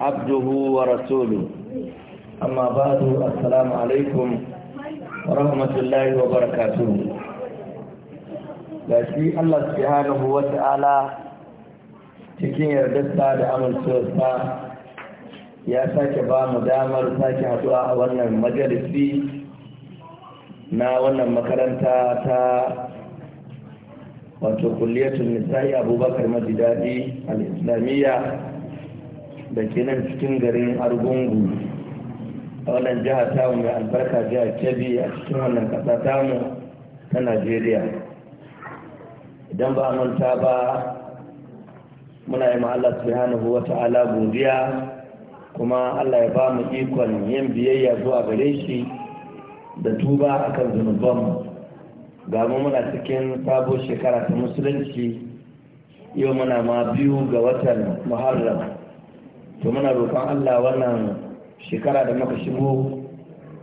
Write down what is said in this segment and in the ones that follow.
عبده ورسوله أما بعد السلام عليكم ورحمة الله وبركاته shi Allah subhanahu wasu ta'ala cikin yardasta da amincewarsa ya sake ba mu damar sake haɗuwa a wannan majalisi na wannan makaranta ta wato kulliyatun nisa'i abubakar majidadi al-islamiyya da ke nan cikin garin argungu a wannan jihar tamu mai albarka jihar kebbi a cikin wannan kasa tamu ta najeriya idan ba manta ba muna yi Allah subhanahu wa ta'ala godiya kuma allah ya ba mu ikon yin biyayya zuwa gare shi da tuba akan zunubanmu ga mu muna cikin sabon shekara ta musulunci yau muna ma biyu ga watan muharram to muna roƙon Allah wannan shekara da muka shigo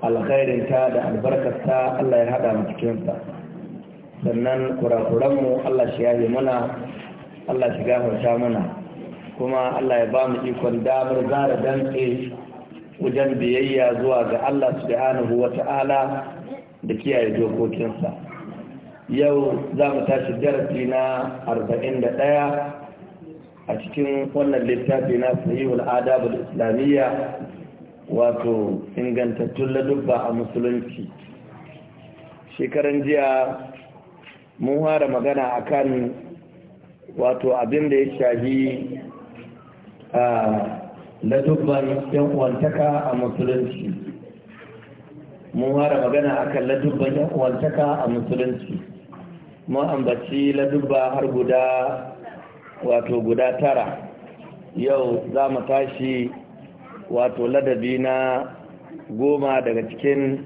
alkhairinta da albarkarta Allah ya haɗa mu cikinsa sannan kurakuranmu Allah shi yaye mana Allah shi gafarta mana kuma Allah ya ba mu ikon damar zara dantse wajen biyayya zuwa ga Allah subhanahu wa ta'ala da kiyaye dokokinsa yau za mu tashi darasi na da ɗaya. a cikin wannan littafi na sahihul adabul islamiyya wato ingantattun ladubba a musulunci shekaran jiya mun fara magana akan wato abin da ya shahi a ladubban yan uwantaka a musulunci mun fara magana akan ladubban yan uwantaka a musulunci mun ambaci ladubba har guda wato guda tara yau za mu tashi wato ladabi na goma daga cikin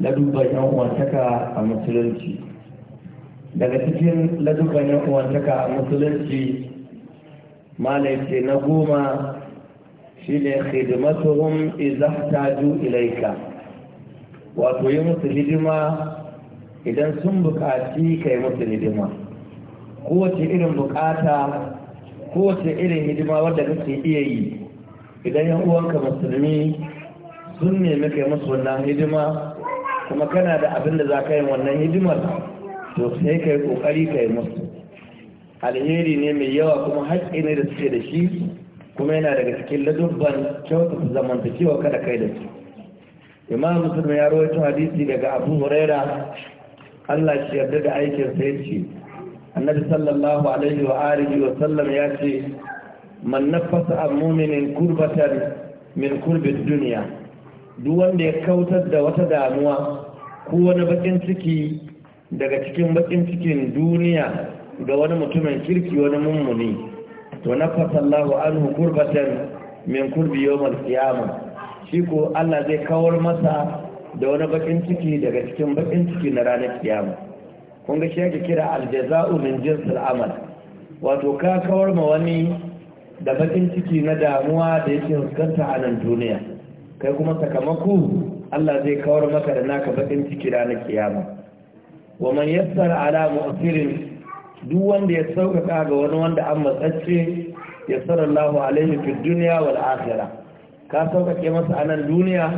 ladubban yan uwantaka a musulunci daga cikin ladubban yan uwantaka a musulunci malaice na goma shine khidmatuhum idza ihtaju ilaika wato yi musu hidima idan sun bukaci kai musu hidima kowace irin bukata kowace irin hidima wadda kake iya yi idan yan uwanka musulmi sun nemi kai musu wannan hidima kuma kana da abin da za ka yi wannan hidimar to sai ka yi kokari ka yi musu alheri ne mai yawa kuma haƙƙi ne da suke da shi kuma yana daga cikin ladubban kyautata zamantakewa kada kai da su imam musulmi ya rawaito hadisi daga abu huraira allah shi yarda da aikin sai ce annabi sallallahu alaihi wa alihi wa sallam ya ce man nafasa an muminin kurbatan min kurbin duniya duk wanda ya kautar da wata damuwa ko wani bakin ciki daga cikin bakin cikin duniya ga wani mutumin kirki wani mummuni to nafasa Allahu anhu kurbatan min kurbi yawmal qiyamah shi ko Allah zai kawar masa da wani bakin ciki daga cikin bakin ciki na ranar kiyama kun ga shi yake kira aljaza'u min jinsil amal wato ka kawar ma wani da bakin ciki na damuwa da yake fuskanta a nan duniya kai kuma sakamako Allah zai kawar maka da naka bakin ciki ranar kiyama wa man yassara ala mu'sirin duk wanda ya sauƙaƙa ga wani wanda an matsacce ya Allahu alaihi fi dunya wal akhirah ka sauƙaƙe masa a nan duniya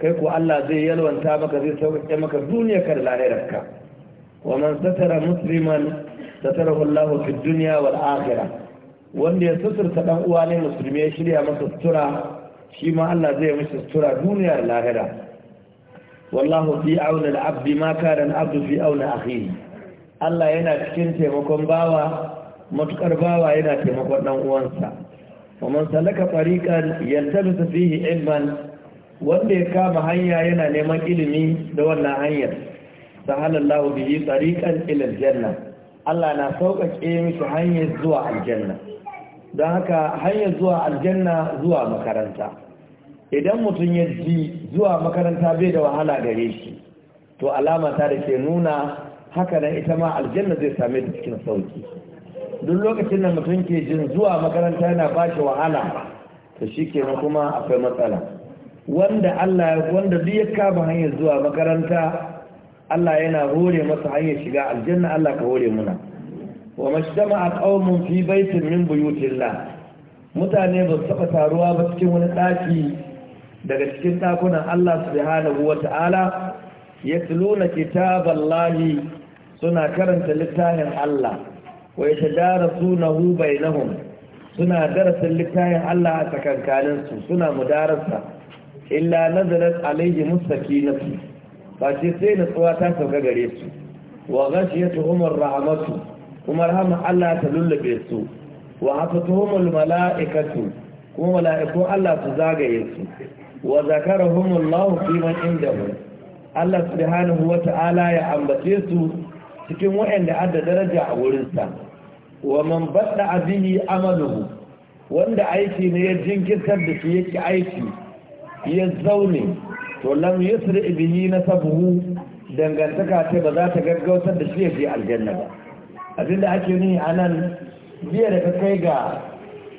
kai ko Allah zai yalwanta maka zai sauƙaƙe maka duniya ka da lahirarka ومن ستر مسلما ستره الله في الدنيا والآخرة wanda ya suturta ɗan uwa ne musulmi ya shirya masa sutura shi ma Allah zai mishi sutura duniyar lahira wallahu fi auna al-abdi ma kada al-abdu fi auna akhihi Allah yana cikin taimakon bawa matukar bawa yana taimakon ɗan uwansa wa man salaka tariqan yaltabisu fihi ilman wanda ya kama hanya yana neman ilimi da wannan hanyar sahalallahu bihi tariqan ila aljanna Allah na sauƙaƙe mishi hanyar zuwa aljanna don haka hanyar zuwa aljanna zuwa makaranta idan mutum ya ji zuwa makaranta bai da wahala gare shi to alama ta da ke nuna haka nan ita ma aljanna zai same ta cikin sauki duk lokacin da mutum ke jin zuwa makaranta yana ba shi wahala to shi kenan kuma akwai matsala wanda Allah wanda duk ya kama hanyar zuwa makaranta Allah yana hore masa hanyar shiga aljanna Allah ka hore muna wa mashtama'a qaumun fi baitin min buyutillah mutane ba su taba taruwa ba cikin wani daki daga cikin dakunan Allah subhanahu wata'ala yatluna kitaballahi suna karanta littafin Allah wa yatadarasunahu bainahum suna darasin littafin Allah a tsakankaninsu suna mudarasa illa nazarat alaihi musakinatu ba sai sai natsuwa ta sauka gare su wa gashi ghashiyatu umar rahmatu kuma rahama Allah ta lullube su wa tuhuma mala'ikatu kuma mala'ikun Allah su zagaye su wa lahu kiman inda mu Allah dihani huwa ta'ala ya ambace su cikin waɗanda adda daraja a wurinsa wa man a abihi amaluhu wanda aiki ne ya jinkirtar da su yake aiki ya zaune to lam yusri bihi nasabuhu dangantaka ce ba za ta gaggautar da shi ya je aljanna ba abinda ake nuni anan biya da ka kai ga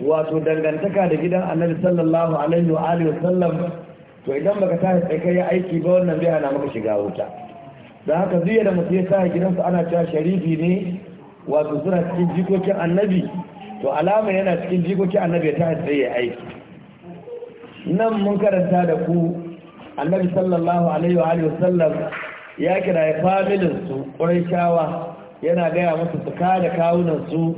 wato dangantaka da gidan annabi sallallahu alaihi wa alihi wasallam to idan baka ta sai kai ya aiki ba wannan bai na maka shiga wuta da haka biya da mutum ya gidan su ana cewa sharifi ne wato suna cikin jikokin annabi to alama yana cikin jikokin annabi ya sai ya aiki nan mun karanta da ku annabi sallallahu alaihi wa alihi wasallam ya kira familin su kyawa yana gaya musu su kada kawunan su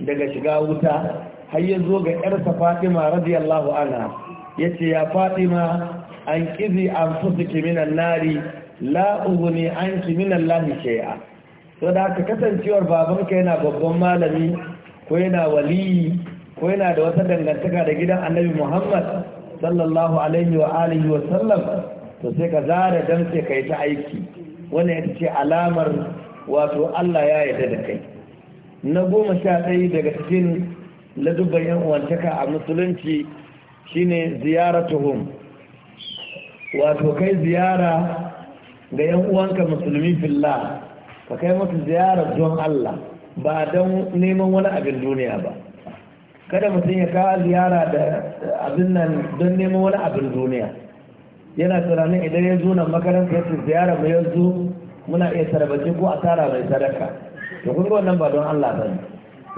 daga shiga wuta har ya zo ga yarsa fatima radiyallahu anha yace ya fatima an kizi an fusuki minan nari la an anki minan lahi shay'a to da haka kasancewar babanka yana babban malami ko yana waliyi ko yana da wata dangantaka da gidan annabi muhammad sallallahu alaihi wa alihi wa sallam to sai ka zara dan sai kai ta aiki wani ya ce alamar wato Allah ya yarda da kai na goma sha ɗaya daga cikin ladubban yan uwantaka a musulunci shine ziyaratuhum wato kai ziyara ga yan uwanka musulmi fillah ka kai musu ziyara don Allah ba don neman wani abin duniya ba kada mutum ya kawo ziyara da abin nan don neman wani abin duniya yana tunanin idan ya zo nan makaranta ya ziyara mu yanzu muna iya tarbaci ko a tara mai sadaka to kun ga wannan ba don Allah ba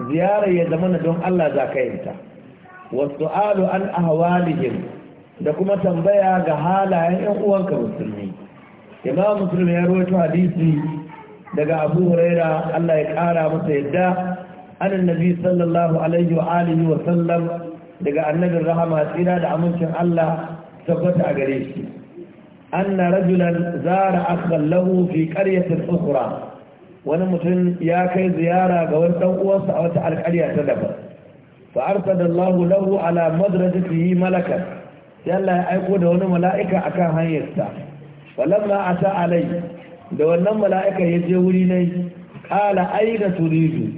ziyara ya zama na don Allah za ka yanta wasu alu an ahwalihim da kuma tambaya ga halayen yan uwanka musulmi imam musulmi ya rawaito hadisi daga abu huraira Allah ya kara masa yadda anan nabi sallallahu alaihi wa alihi wa sallam daga annabin rahama tsira da amincin Allah tabbata a gare shi anna rajulan zara akhan lahu fi qaryatin ukhra wani mutum ya kai ziyara ga wani dan uwansa a wata alƙarya ta daban fa arsadallahu lahu ala madrajatihi malakan sai Allah ya aiko da wani mala'ika akan hanyarsa walamma ata alai da wannan mala'ika ya je wuri ne qala aina turidu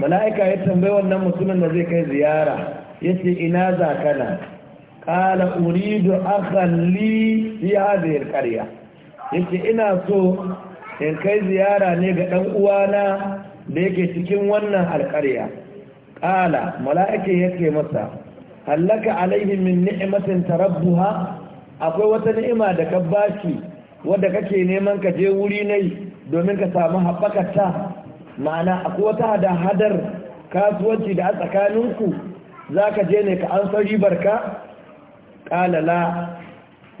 mala'ika ya tambayi wannan mutumin da zai kai ziyara ya ce ina za kana ƙala uridu ya zai karya. Ya ce ina so in kai ziyara ne ga ɗan uwana da yake cikin wannan alƙarya ƙala mala'ika yake masa hallaka alaihi min ni'matin tarabbuha akwai wata ni'ima da ka bashi wadda kake neman ka je wuri nai domin ka samu haɓaka ta? ma'ana akwai wata hada-hadar kasuwanci da a tsakaninku za ka je ne ka an san ka ƙalala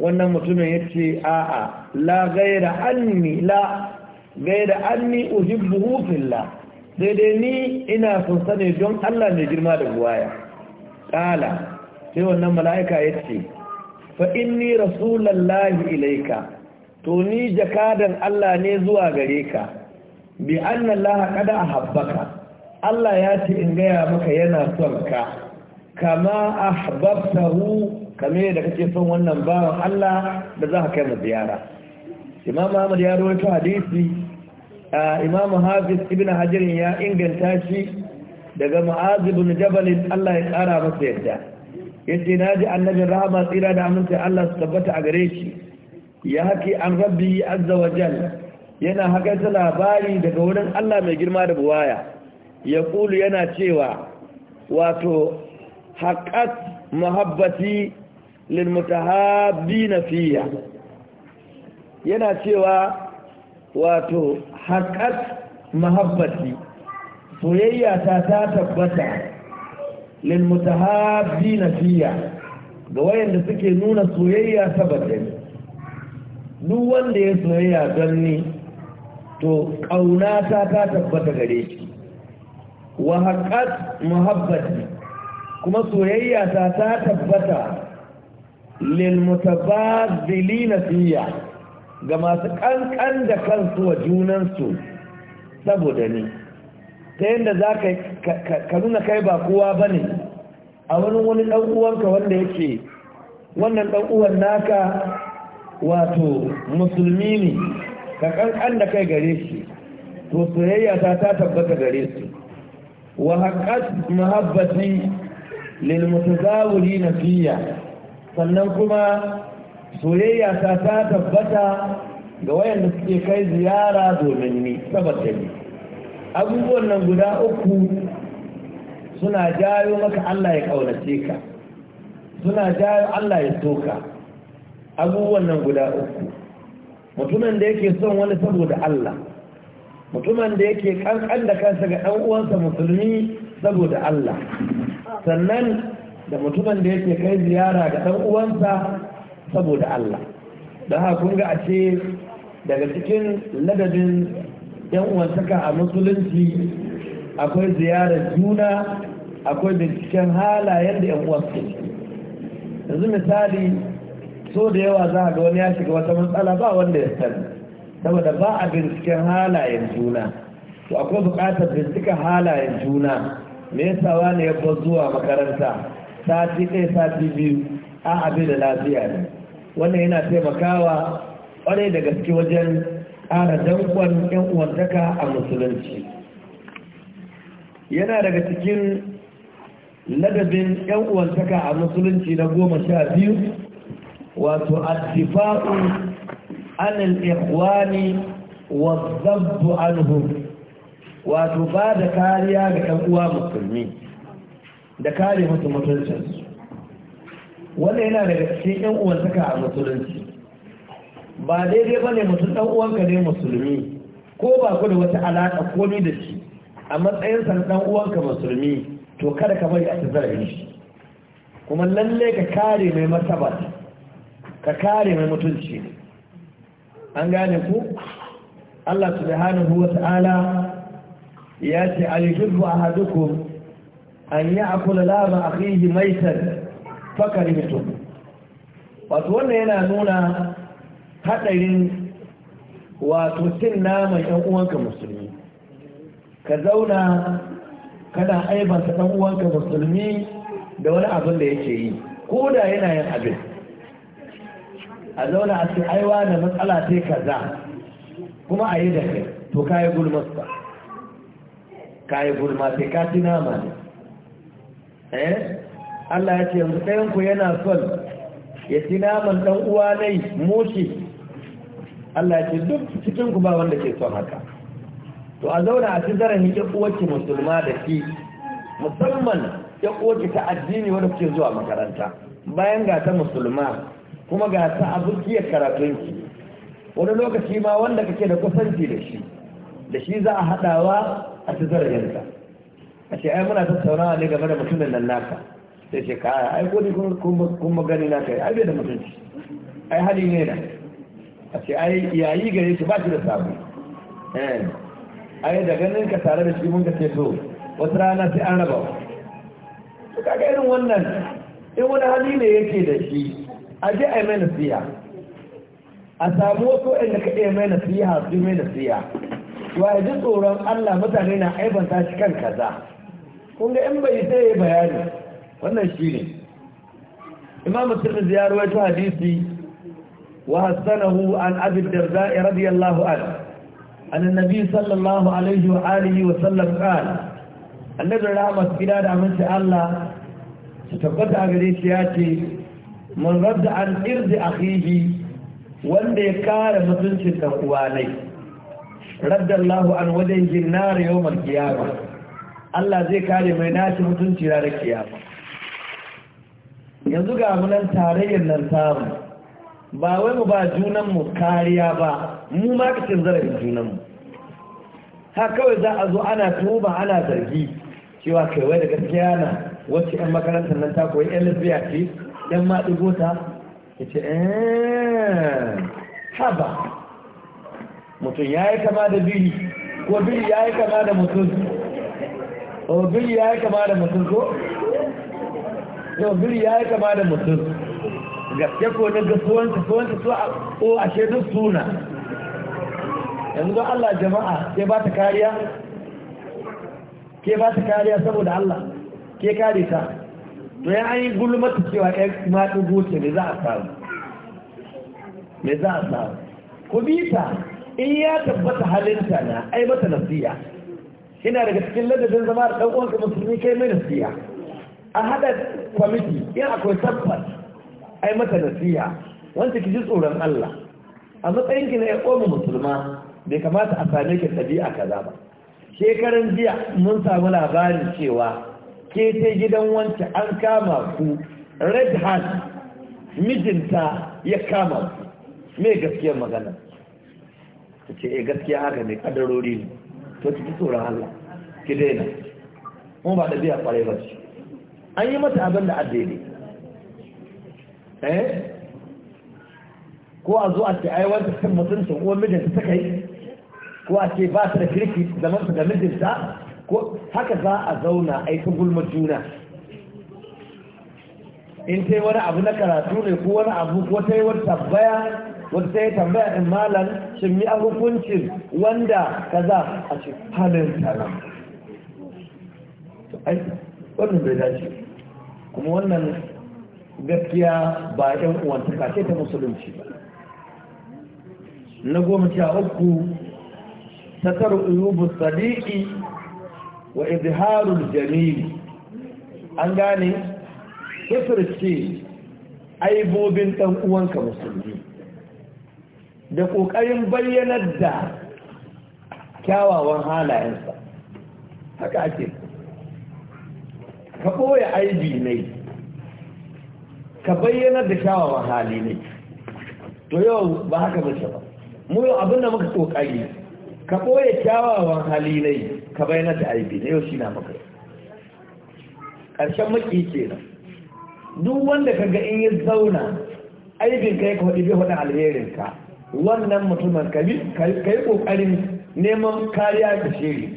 wannan mutumin ya ce a'a la gaira anni la gaira anni uhibbu hufilla daidai ni ina son sane don Allah mai girma da buwaya ƙala sai wannan mala'ika ya ce fa inni rasulallahi ilaika to ni jakadan Allah ne zuwa gare ka bi anna kada a habbaka Allah ya ce in gaya maka yana son ka kama ahbabtahu kame da kake son wannan bawan Allah da za ka kai mu ziyara Imam Ahmad ya rawaito hadisi Imam Hafiz Ibn Hajar ya inganta shi daga Mu'az ibn Jabal Allah ya kara masa yadda yace ji annabi rahama tsira da aminci Allah su tabbata a gare shi ya an rabbi azza wa jalla yana ta labari daga wurin Allah mai girma da buwaya ya ƙulu yana cewa wato haƙat muhabbati lilmutahabbi na fiya yana cewa wato haƙat muhabbati soyayya ta ta tabbata bi na fiya ga wayanda suke nuna soyayya saboda duk wanda ya soyayya don ni to ƙaunata ta tabbata gare shi wa haƙat muhabbati kuma soyayya ta ta tabbata lil mutabazzilina siya ga masu ƙanƙan da kansu wa junansu saboda ni ta yadda za ka nuna kai ba kowa ba ne a wani wani ɗan'uwanka wanda yake wannan ɗan'uwan naka wato musulmi ne ka kankan da kai gare shi to soyayya ta ta tabbata gare su wa haqqat muhabbati lil mutazawilin fiya sannan kuma soyayya ta ta tabbata ga wayanda suke kai ziyara domin ni saboda ni abubuwan nan guda uku suna jayo maka Allah ya kaunace ka suna jayo Allah ya soka abubuwan nan guda uku mutumin da yake son wani saboda Allah mutumin da yake kankan da kansa ga ɗan uwansa musulmi saboda Allah sannan da mutumin da yake kai ziyara ga ɗan uwansa saboda Allah don haka kun ga a ce daga cikin ladabin ɗan uwantaka a musulunci akwai ziyarar juna akwai binciken halayen da yan uwansu yanzu misali so da yawa za a ga wani ya shiga wata matsala ba wanda ya sani saboda ba a binciken halayen juna to akwai bukatar bincika halayen juna me yasa wani ya bar zuwa makaranta sati ɗaya sati biyu a abin da lafiya ne wannan yana taimakawa ƙwarai da gaske wajen ƙara dankon yan uwantaka a musulunci yana daga cikin ladabin yan uwantaka a musulunci na goma sha biyu wato attifa'u anil ikhwani wa zabbu anhum wato ba kariya ga ɗan uwa musulmi da kare musu mutuncinsu wanda yana daga cikin ɗan uwantaka a musulunci ba daidai ba ne mutum ɗan uwanka ne musulmi ko ba ku da wata alaƙa ni da shi a matsayinsa na ɗan uwanka musulmi to kada ka bari a ta zarafi, shi kuma lalle ka kare mai martaba ka kare mai mutunci an gane ku Allah subhanahu wa ta'ala ya ce alhibbu ahadukum an ya'kula lama akhihi maitan fakarimtum wato wannan yana nuna hadarin wato cin naman ɗan uwanka musulmi ka zauna kana aibanta ɗan uwanka musulmi da wani abin da yake yi ko da yana yin abin a zauna a ce aiwa da matsala ce kaza kuma a yi da kai to kayi ba kayi gulma sai ka ci nama ne eh Allah ya ce yanzu ɗayan ku yana son ya ci naman ɗan uwa nai moshi Allah ya ce duk cikin ku ba wanda ke son haka to a zauna a ci zarafin ƴan uwarki musulma da ke musamman ke uwarki ta addini wanda kuke zuwa makaranta bayan ga ta musulma kuma ga ta abokiyar karatunki wani lokaci ma wanda kake da kusanci da shi da shi za a haɗawa a ci zarayenka a ce ai muna tattaunawa ne game da mutumin nan naka sai ce kaya ai ko ni kun magani na kai ai bai da mutunci ai hali ne na a ce ai yayi gare shi ba shi da sabu eh, ai da ganin ka tare da shi mun ka ce so wata rana sai an raba to kaga irin wannan in wani hali ne yake da shi a je a yi mai nasiya a samu wasu inda ka iya mai a su mai nasiya wa ya ji tsoron Allah mutane na aibanta shi kan kaza kun ga in bai sai ya bayani wannan shi ne imamu tirmidhi ziyar rawaito hadisi wa Hassanahu an da za'i radiyallahu an an annabi sallallahu alaihi wa alihi wa sallam qala annabi su gida da aminci Allah su tabbata gare shi ya ce Mun rabda an irdi akhihi wanda ya kare mutuncin dan uwanai radda Allahu an wajen jinnar yawmal qiyamah Allah zai kare mai nashi mutunci ranar kiyama yanzu ga munan tarayyar nan samu ba wai mu ba junanmu kariya ba mu ma kacin zarafin junanmu ha kawai za a zo ana tuba ana zargi cewa kai wai da gaskiya na wacce 'yan makarantar nan ta koyi yan ɗan ma ɗigo ta ya ce eh, haba mutum ya yi kama da biri ko biri ya yi kama da mutum o biri ya yi kama da mutum ko? yau biri ya yi kama da mutum gaske ko na ga suwanta suwanta su a ko a duk suna yanzu don Allah jama'a ke ba ta kariya ke ba ta kariya saboda Allah ke kare ta to ya yi gulmata cewa ɗan maɗugo ce me za a samu me za a samu ku bi ta in ya tabbata halinta na ai mata nasiya ina daga cikin ladabin zama da ɗan uwanka musulmi kai mai nasiya a haɗa kwamiti in akwai tabbas ai mata nasiya wanda ki ji tsoron Allah a matsayin ki na ya ƙoma musulma bai kamata a same ki ɗabi'a kaza ba shekaran jiya mun samu labarin cewa ke ta gidan wancan an kama ku red hand mijinta ya kama ku me gaskiyar magana ta ce eh gaskiya haka ne kadarori ne to ki tsoron Allah ki daina mun ba da biya kwarai ba ce an yi mata abin da addini eh ko a zuwa a ce ai wanda kan mutuncin uwan mijinta ta kai ko a ce ba ta da kirki zaman da mijinta ko haka za a zauna aikin gulmar juna in ta yi wani abu na karatu ne ko wani abu ko ta yi wani baya wata ta yi tambaya in malam cin mi a hukuncin wanda za a ce halin tara wannan bai dace kuma wannan gaskiya ba yan uwantaka ce ta musulunci ba na goma sha uku ta taru uyubu sadiki wa izharul jamil an gane kifirce aibobin ɗan uwanka musulmi da ƙoƙarin bayyanar da kyawawan halayensa haka ake ka ɓoye aibi ne ka bayyanar da kyawawan hali ne to yau ba haka mace ba mu yau abinda muka ƙoƙari ka ɓoye kyawawan hali ne ka bayanar da aibi na yau shi na maka ƙarshen maki kenan duk wanda ka ga in yi zauna aibin ka ya ka bai alherin ka wannan mutumin ka yi ƙoƙarin neman kariya ka shiri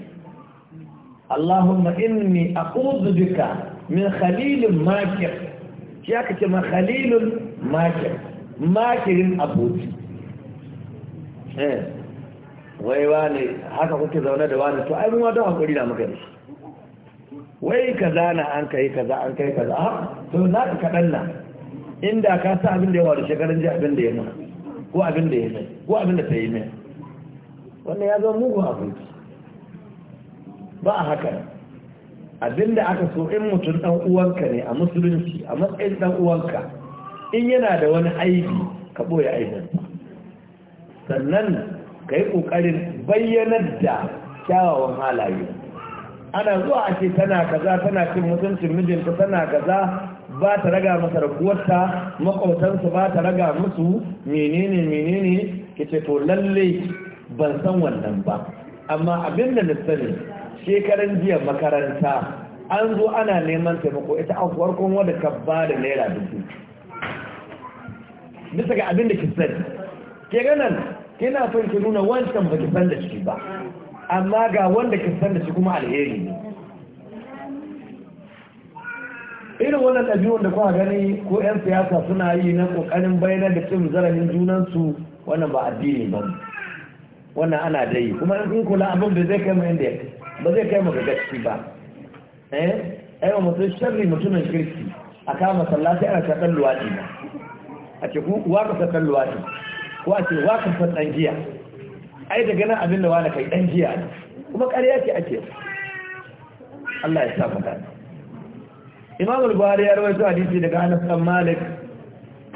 Allahumma inni aquzu bika min khalilin makir shi aka ce min khalilin makir makirin aboki eh. wai wane haka kuke zaune da wani to ai mun wata hakuri na muka shi wai kaza na an kai kaza an kai kaza ha to na ka kaɗan na inda ka sa abin da ya waru shekarun ji abin da ya nuna ko abin da ya mai ko abin da ta yi mai wannan ya zama mugun abinci ba a haka abin da aka so in mutum ɗan uwanka ne a musulunci a matsayin ɗan uwanka in yana da wani aibi ka ɓoye aibin sannan ka yi ƙoƙarin bayyanar da kyawawan halaye ana zuwa a ce tana kaza tana cin mutuncin mijinta tana kaza ba ta raga masa raguwarta makwautansu ba ta raga musu menene menene ke ce to lalle ban san wannan ba amma abin da na sani shekaran jiya makaranta an zo ana neman taimako ita a farkon wadda ka ba da naira dubu bisa ga abin da ke sani ke ganan kina son ki nuna wancan baki san da shi ba amma ga wanda ki san da shi kuma alheri ne irin wannan ɗabi'un da kuma gani ko 'yan siyasa suna yi na ƙoƙarin bayanar da cin zarafin junansu wannan ba addini ba wannan ana da yi kuma in kula abin da zai kai mu inda ba zai kai mu ga gaski ba eh aiwa mutum sharri mutumin kirki a kama sallah sai ana shakan luwaɗi ba a ce ku wa ka shakan luwaɗi ko a ce wa kan san dan ai daga nan abin da wani kai dan giya ne kuma ƙarya ce ake Allah ya sa mu Imam al-Bukhari ya rawaito hadisi daga Anas bin Malik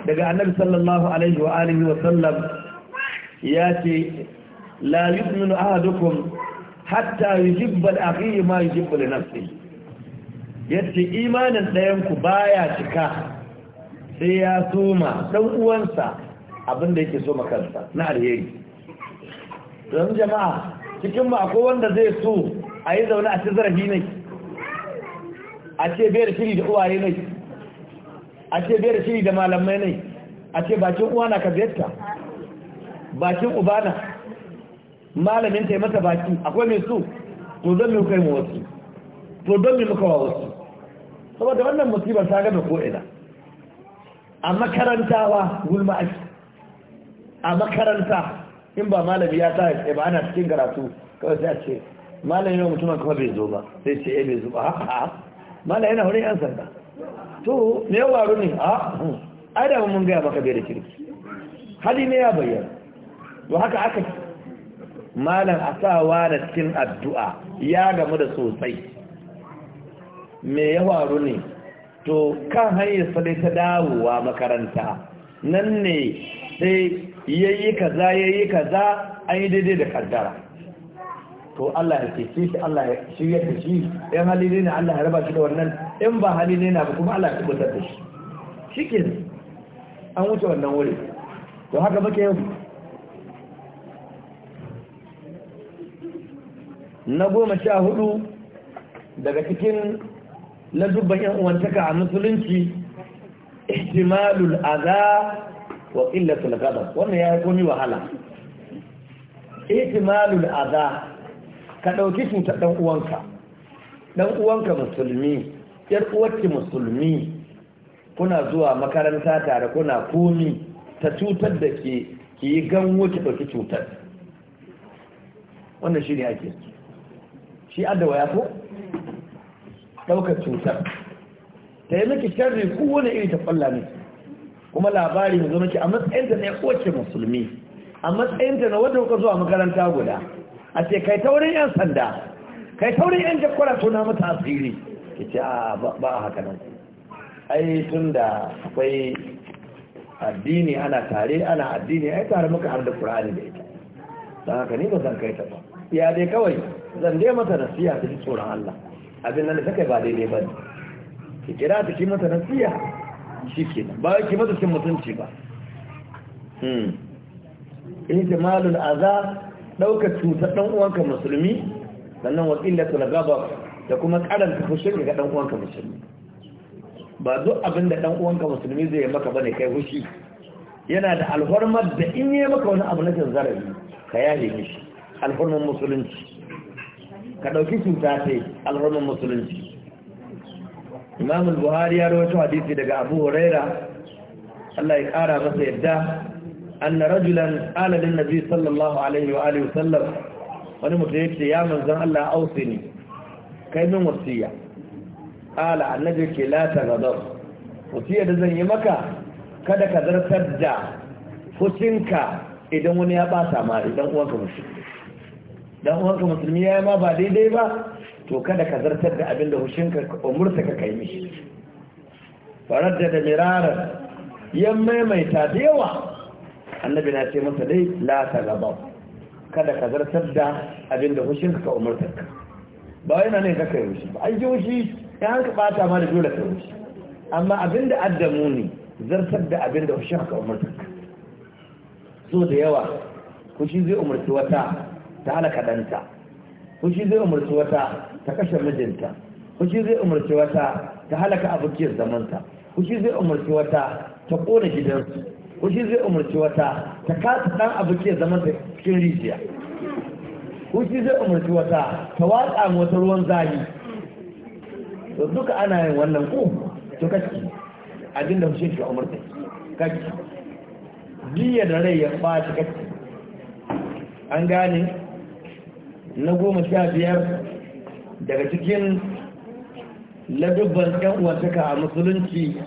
daga Annabi sallallahu alaihi wa alihi wa sallam ya ce la yu'minu ahadukum hatta yujibba al-akhi ma yujibbu li nafsihi yace imanin ɗayan ku baya cika sai ya soma dan uwansa abin da yake so makarsa na alheri don jama'a cikin ma akwai wanda zai so a yi zaune a ci zarafi ne a ce bai da shiri da uwaye ne a ce biyar shiri da malamai ne a ce bakin uwa na kabiyarta bakin ubana malamin ta yi mata baki akwai mai so to don mu kai mu wasu to don mu muka wa wasu saboda wannan musibar ta gaba ko'ina a makarantawa gulma ake a makaranta in ba malami ya tsaya ba ana cikin karatu kawai sai a ce malami yau mutumin kuma bai zo ba sai ce eh bai zo ba a'a malami yana wurin yan sanda to me ya waru ne a ai da mun gaya maka bai da kirki hali ne ya bayyana to haka aka malam a sa da cikin addu'a ya gamu da sosai me ya waru ne to kan hanyar sa ta dawowa makaranta nan ne sai yayi kaza yayi kaza an yi daidai da kaddara to Allah ya cece shi Allah ya shirya da shi in hali ne na Allah ya raba shi da wannan in ba hali ne na ba kuma Allah ya kubutar da shi shike an wuce wannan wuri to haka muke yau na goma sha hudu daga cikin lazubban yan uwantaka a musulunci ihtimalul adha wa qillatul ghadab wannan ya komi wahala ihtimalul adha ka dauki cutar dan uwanka dan uwanka musulmi yar uwarki musulmi kuna zuwa makaranta tare kuna komi ta cutar da ke ki yi ganwo ki dauki cutar wannan shi ne ake shi adawa ya ko daukar cutar ta yi miki sharri kowane iri ta kwalla kuma labarin mu zama ke a matsayin ta ne kowace musulmi a matsayin ta na wanda kuka zuwa makaranta guda a ce kai taurin yan sanda kai taurin yan jakwara suna mata asiri ki ce a ba a haka nan ai tun da akwai addini ana tare ana addini ai tare muka har da kurani da ita don haka ni ba zan kai ta ba ya dai kawai zan dai mata nasiha ta ji tsoron Allah abin nan da ta kai ba daidai ba ki kira ta ki mata nasiha shi ke nan ba yake mata cin mutunci ba hmm. ihtimalul aza ɗaukar cutar ɗan uwanka musulmi sannan wakilatul gaba da kuma karanta fushin ga ɗan uwanka musulmi ba duk abin da ɗan uwanka musulmi zai yi maka bane kai fushi yana da alhormar da in yi maka wani abu na cin zarafi ka yaye mishi alhormar musulunci ka ɗauki cuta sai alhormar musulunci imam al-buhari ya rawaito hadisi daga abu huraira Allah ya kara masa yadda anna rajulan qala lin nabi sallallahu alaihi wa alihi wasallam wani mutum yace ya manzon Allah ni. kai min wasiya qala annabi ke la tagadab wasiya da zan yi maka kada ka zartar da fushinka idan wani ya ba ma idan uwanka musulmi dan uwanka musulmi ya ma ba daidai ba to kada ka zartar da abin da hushinka umurta ka kai mishi farar da da mirarar yan maimaita da yawa annabi na ce masa dai la ta gaba kada ka zartar da abin da hushinka ka umurta ka ba yana ne kai mishi ba an ji hushi ya hanka bata ma da dole ka mishi amma abin da addamu ne zartar da abin da hushinka ka umurta ka so da yawa kushi zai umurci wata ta halaka danta fushi zai umarci wata ta kashe mijinta fushi zai umarci wata ta halaka abokiyar zamanta fushi zai umarci wata ta kona gidansu fushi zai umarci wata ta kasa dan abokiyar zamanta cikin rijiya fushi zai umarci wata ta watsa wata ruwan zahi to duka ana yin wannan ko to kaci abinda fushi ka umarta kaci biya da rai ya ta kaci an gane na goma sha biyar daga cikin ladubban ɗan uwantaka a musulunci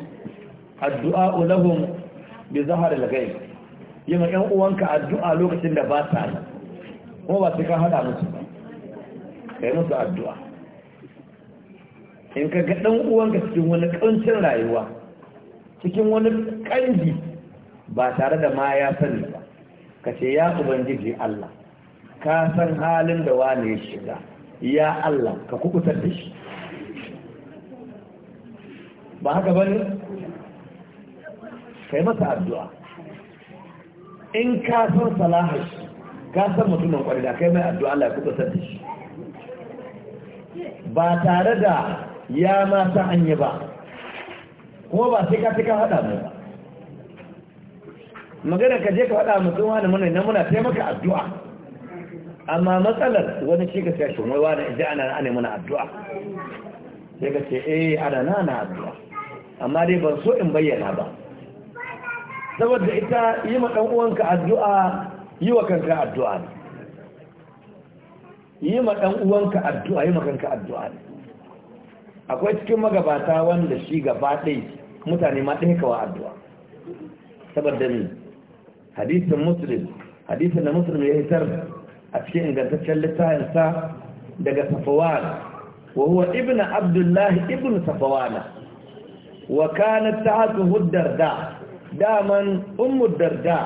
addu'a ulahun bi zahar lagai yi ma ‘yan uwanka addu'a lokacin da ba sa nan kuma ba su ka haɗa musu ka yi musu addu'a in ka ga uwanka cikin wani ƙancin rayuwa cikin wani ƙanji ba tare da ma ya sani ba ka ce ya ubangiji Allah ka san halin da wane ya shiga ya Allah ka kukutar da shi ba haka bane kai masa addu'a in ka san salahar shi ka san mutumin kwari da kai mai addu'a Allah ya kukutar da shi ba tare da ya ma san an yi ba kuma ba sai ka sai ka faɗa mu ba magana ka je ka faɗa mutum wani muna na muna taimaka addu'a amma matsalar wani shi ka sashi wai wani idan ana ana mana addu'a sai ka ce eh ana na na addu'a amma dai ban so in bayyana ba saboda ita yi ma dan uwanka addu'a yi wa kanka addu'a ne yi ma dan uwanka addu'a yi ma kanka addu'a ne akwai cikin magabata wanda shi gaba ɗai mutane ma ɗaya kawa addu'a saboda ne hadisin muslim hadisin da muslim ya hitar a cikin ingantaccen littafinsa daga safawan wa huwa ibnu abdullahi ibnu safawana wa kanat ta'atu huddarda daman ummu darda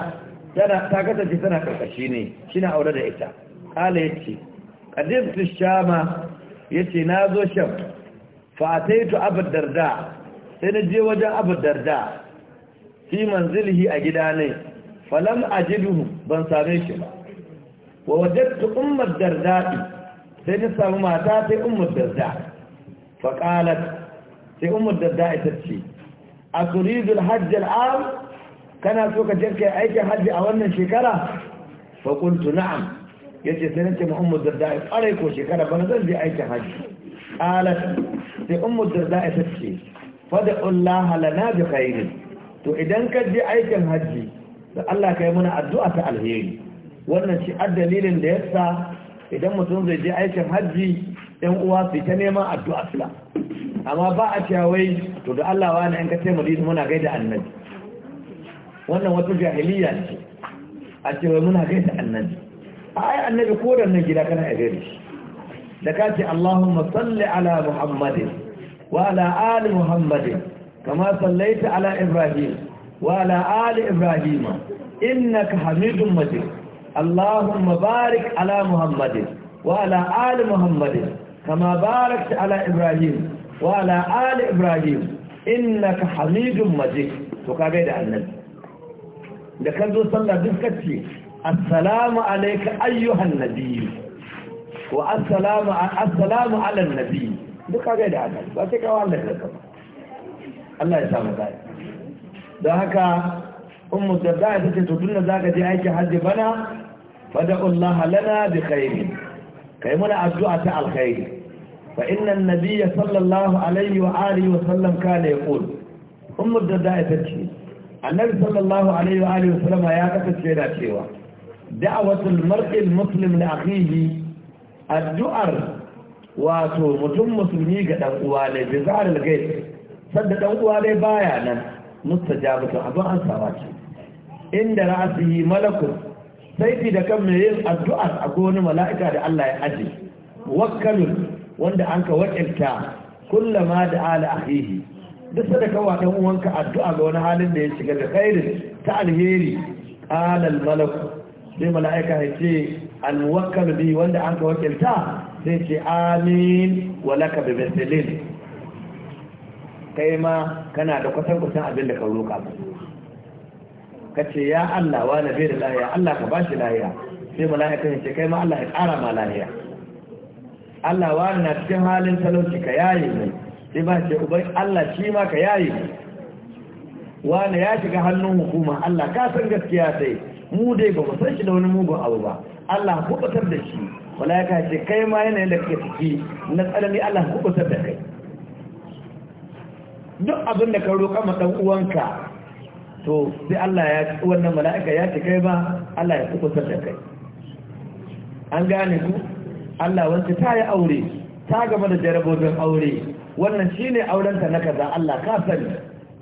tana ta ce tana karkashi ne shine aure da ita qala yace qadimtu shama yace nazo sham fa ataitu abu darda sai na je wajen abu darda fi manzilihi a gida ne falam ajiduhu ban same shi ba wa wajadtu ummar darda'i sai na samu mata sai ummar darda fa qalat sai ummar darda ita ce a turidul hajj al'am kana so ka je kai aikin hajji a wannan shekara fa qultu na'am yace sai nace ma ummar darda ƙarai ko shekara bana zan je aikin hajji qalat sai ummar darda ita ce fada'ullaha lana bi khairin to idan ka je aikin hajji da Allah ka yi mana addu'a ta alheri wannan shi dalilin da ya sa idan mutum zai je aikin hajji yan uwa su ta neman addu'a sula amma ba a ciyawai to da Allah wa na in ka taimaki muna gaida annabi wannan wata jahiliya ce a cewa muna gaida annabi ai annabi ko da nan gida kana a gari da ka ce Allahumma salli ala Muhammadin wa ala ali Muhammadin kama sallaita ala Ibrahim wa ala ali Ibrahim innaka Hamidum Majid اللهم بارك على محمد وعلى آل محمد كما باركت على إبراهيم وعلى آل إبراهيم إنك حميد مجيد وكاقيد النبي لكن ذو صلى بذكتي السلام عليك أيها النبي والسلام السلام على النبي وكاقيد النبي وكاقيد النبي Allah ya samu kai don haka ummu darda ta ce to tunda zaka je aikin hajji bana fada'u Allah lana bi kai muna addu'a ta alkhairi fa inna an-nabiy sallallahu alaihi wa alihi wa sallam kana yaqul ummu dadda tace annabi sallallahu alaihi wa alihi wa sallam ya kasance da cewa da'watul mar'il muslim li akhihi addu'ar wato mutum musulmi ga dan uwa ne bi zarar gaib uwa baya nan mustajabatu abin an inda ra'asihi malakun sai da kan mai yin addu'ar a goni mala'ika da Allah ya aje wakkalun wanda an ka wakilta kullama da ala ahihi duk sadaka wa dan uwanka addu'a ga wani halin da ya shiga da khairin ta alheri qala al malak sai mala'ika ya ce al muwakkal wanda an ka wakilta sai ce amin wa laka bi mithlin kai ma kana da kusan kwatan abin da ka roka ka ce ya Allah wa na bai da lahiya Allah ka bashi lahiya sai mala'ika ya ce kai ma Allah ya ƙara ma lahiya Allah wa na cikin halin talauci ka yaye ne sai ba ce ubai Allah shi ma ka yaye ne wa na ya shiga hannun hukuma Allah ka san gaskiya sai mu dai ba mu san shi da wani mugun abu ba Allah kubutar da shi mala'ika ce kai ma yanayin da kake ciki na tsanani Allah kubutar da kai duk abin da ka roƙa ma ɗan uwanka to sai Allah ya ci wannan mala'ika ya ci kai ba Allah ya kusa da kai an gane ku Allah wacce ta yi aure ta gaba da jarabobin aure wannan shine aurenta na kaza Allah ka sani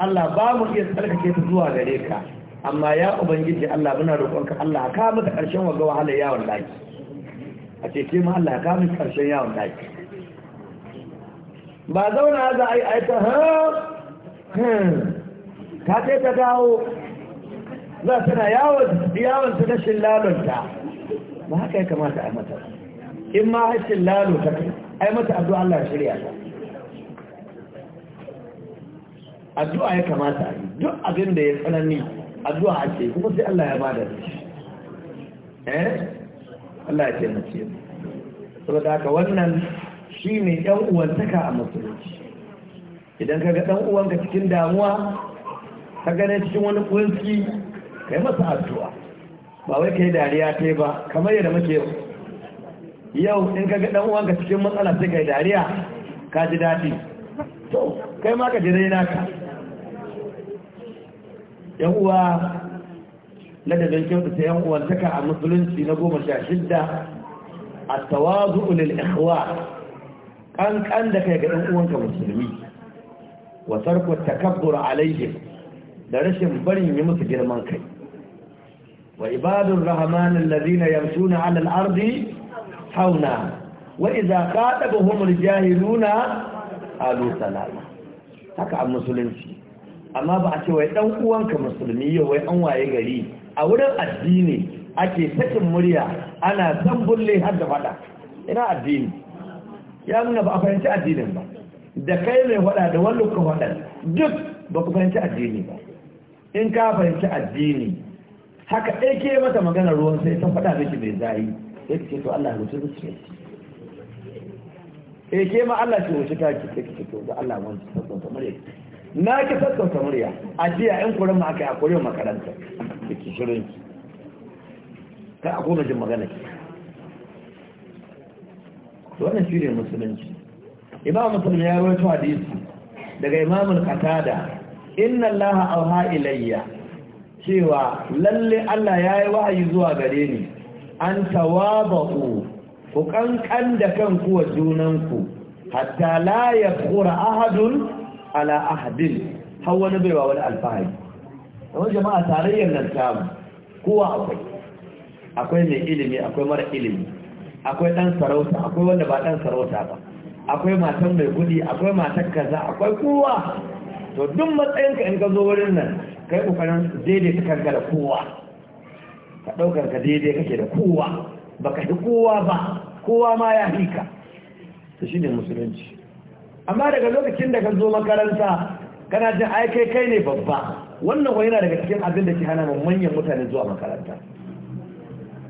Allah ba mu iya tsarkake ta zuwa gare ka amma ya ubangiji Allah muna roƙonka Allah ka mata ƙarshen waga wahalar yawon laki a ce ke ma Allah ka mata ƙarshen yawon laki ba zauna za a yi aita ha ta ce ta dawo za na yawon su ta shin lalonta ba haka ya kamata a mata in ma hashin lalo ta a ai mata addu'a Allah ya shirya ta addu'a ya kamata a yi duk abin da ya tsanani addu'a ake kuma sai Allah ya da shi eh Allah ya taimake saboda haka wannan ne ɗan uwantaka a musulunci idan ka ga ɗan uwanka cikin damuwa ka gane cikin wani kunski kai masa addu'a ba wai kai dariya ta ba kamar yadda muke yau in ka ga dan uwanka cikin matsala sai kai dariya ka ji daɗi to kai ma ka ji dai naka yan uwa ladabin kyautata yan uwantaka a musulunci na goma sha shidda a tawazu ulil ikhwa kankan da kai ga ɗan uwanka musulmi wa sarku takabbur alaihim da rashin barin yi musu girman kai wa ibadun rahamanin yamshuna 'ala al ardi hauna wa idza kaɗa buhumar jahiluna alu salama haka a musulunci amma ba a ce wai ɗan uwanka musulmi yau wai an waye gari a wurin addini ake sakin murya ana san har da faɗa ina addini ya nuna ba a fahimci addinin ba da kai mai faɗa da wallo ka faɗa duk ba ku fahimci addini ba in ka fahimci addini haka ɗai ke mata magana ruwan sai ta faɗa miki mai zai sai ki ce to Allah mutu zuciya eh ke ma Allah ce wuce ta ki sai ki to da Allah wani sassauta murya na ki sassauta murya a jiya ƴan kurin ma aka yi a kurin makaranta da ki shirin ki ka a goma jin magana ki wannan shi ne musulunci imam musulmi ya rawaito hadisi daga imamul qatada inna allaha auha ilayya cewa lalle Allah ya yi wahayi zuwa gare ni an tawaba'u ku kankan da kanku wa junanku hatta la yaqura ahadun ala ahadin hawa wani bai wa wani alfahari wani jama'a tarayyar nan samu kowa akwai akwai mai ilimi akwai mara ilimi akwai dan sarauta akwai wanda ba dan sarauta ba akwai matan mai kudi akwai matan kaza akwai kowa to duk matsayinka in ka zo wurin nan ka yi daidai ka kanka da kowa ka daukar ka daidai kake da kowa ba ka fi kowa ba kowa ma ya fi ka to shi ne musulunci amma daga lokacin da ka zo makaranta kana jin ai kai kai ne babba wannan wani yana daga cikin abin da ke hana mu manyan mutane zuwa makaranta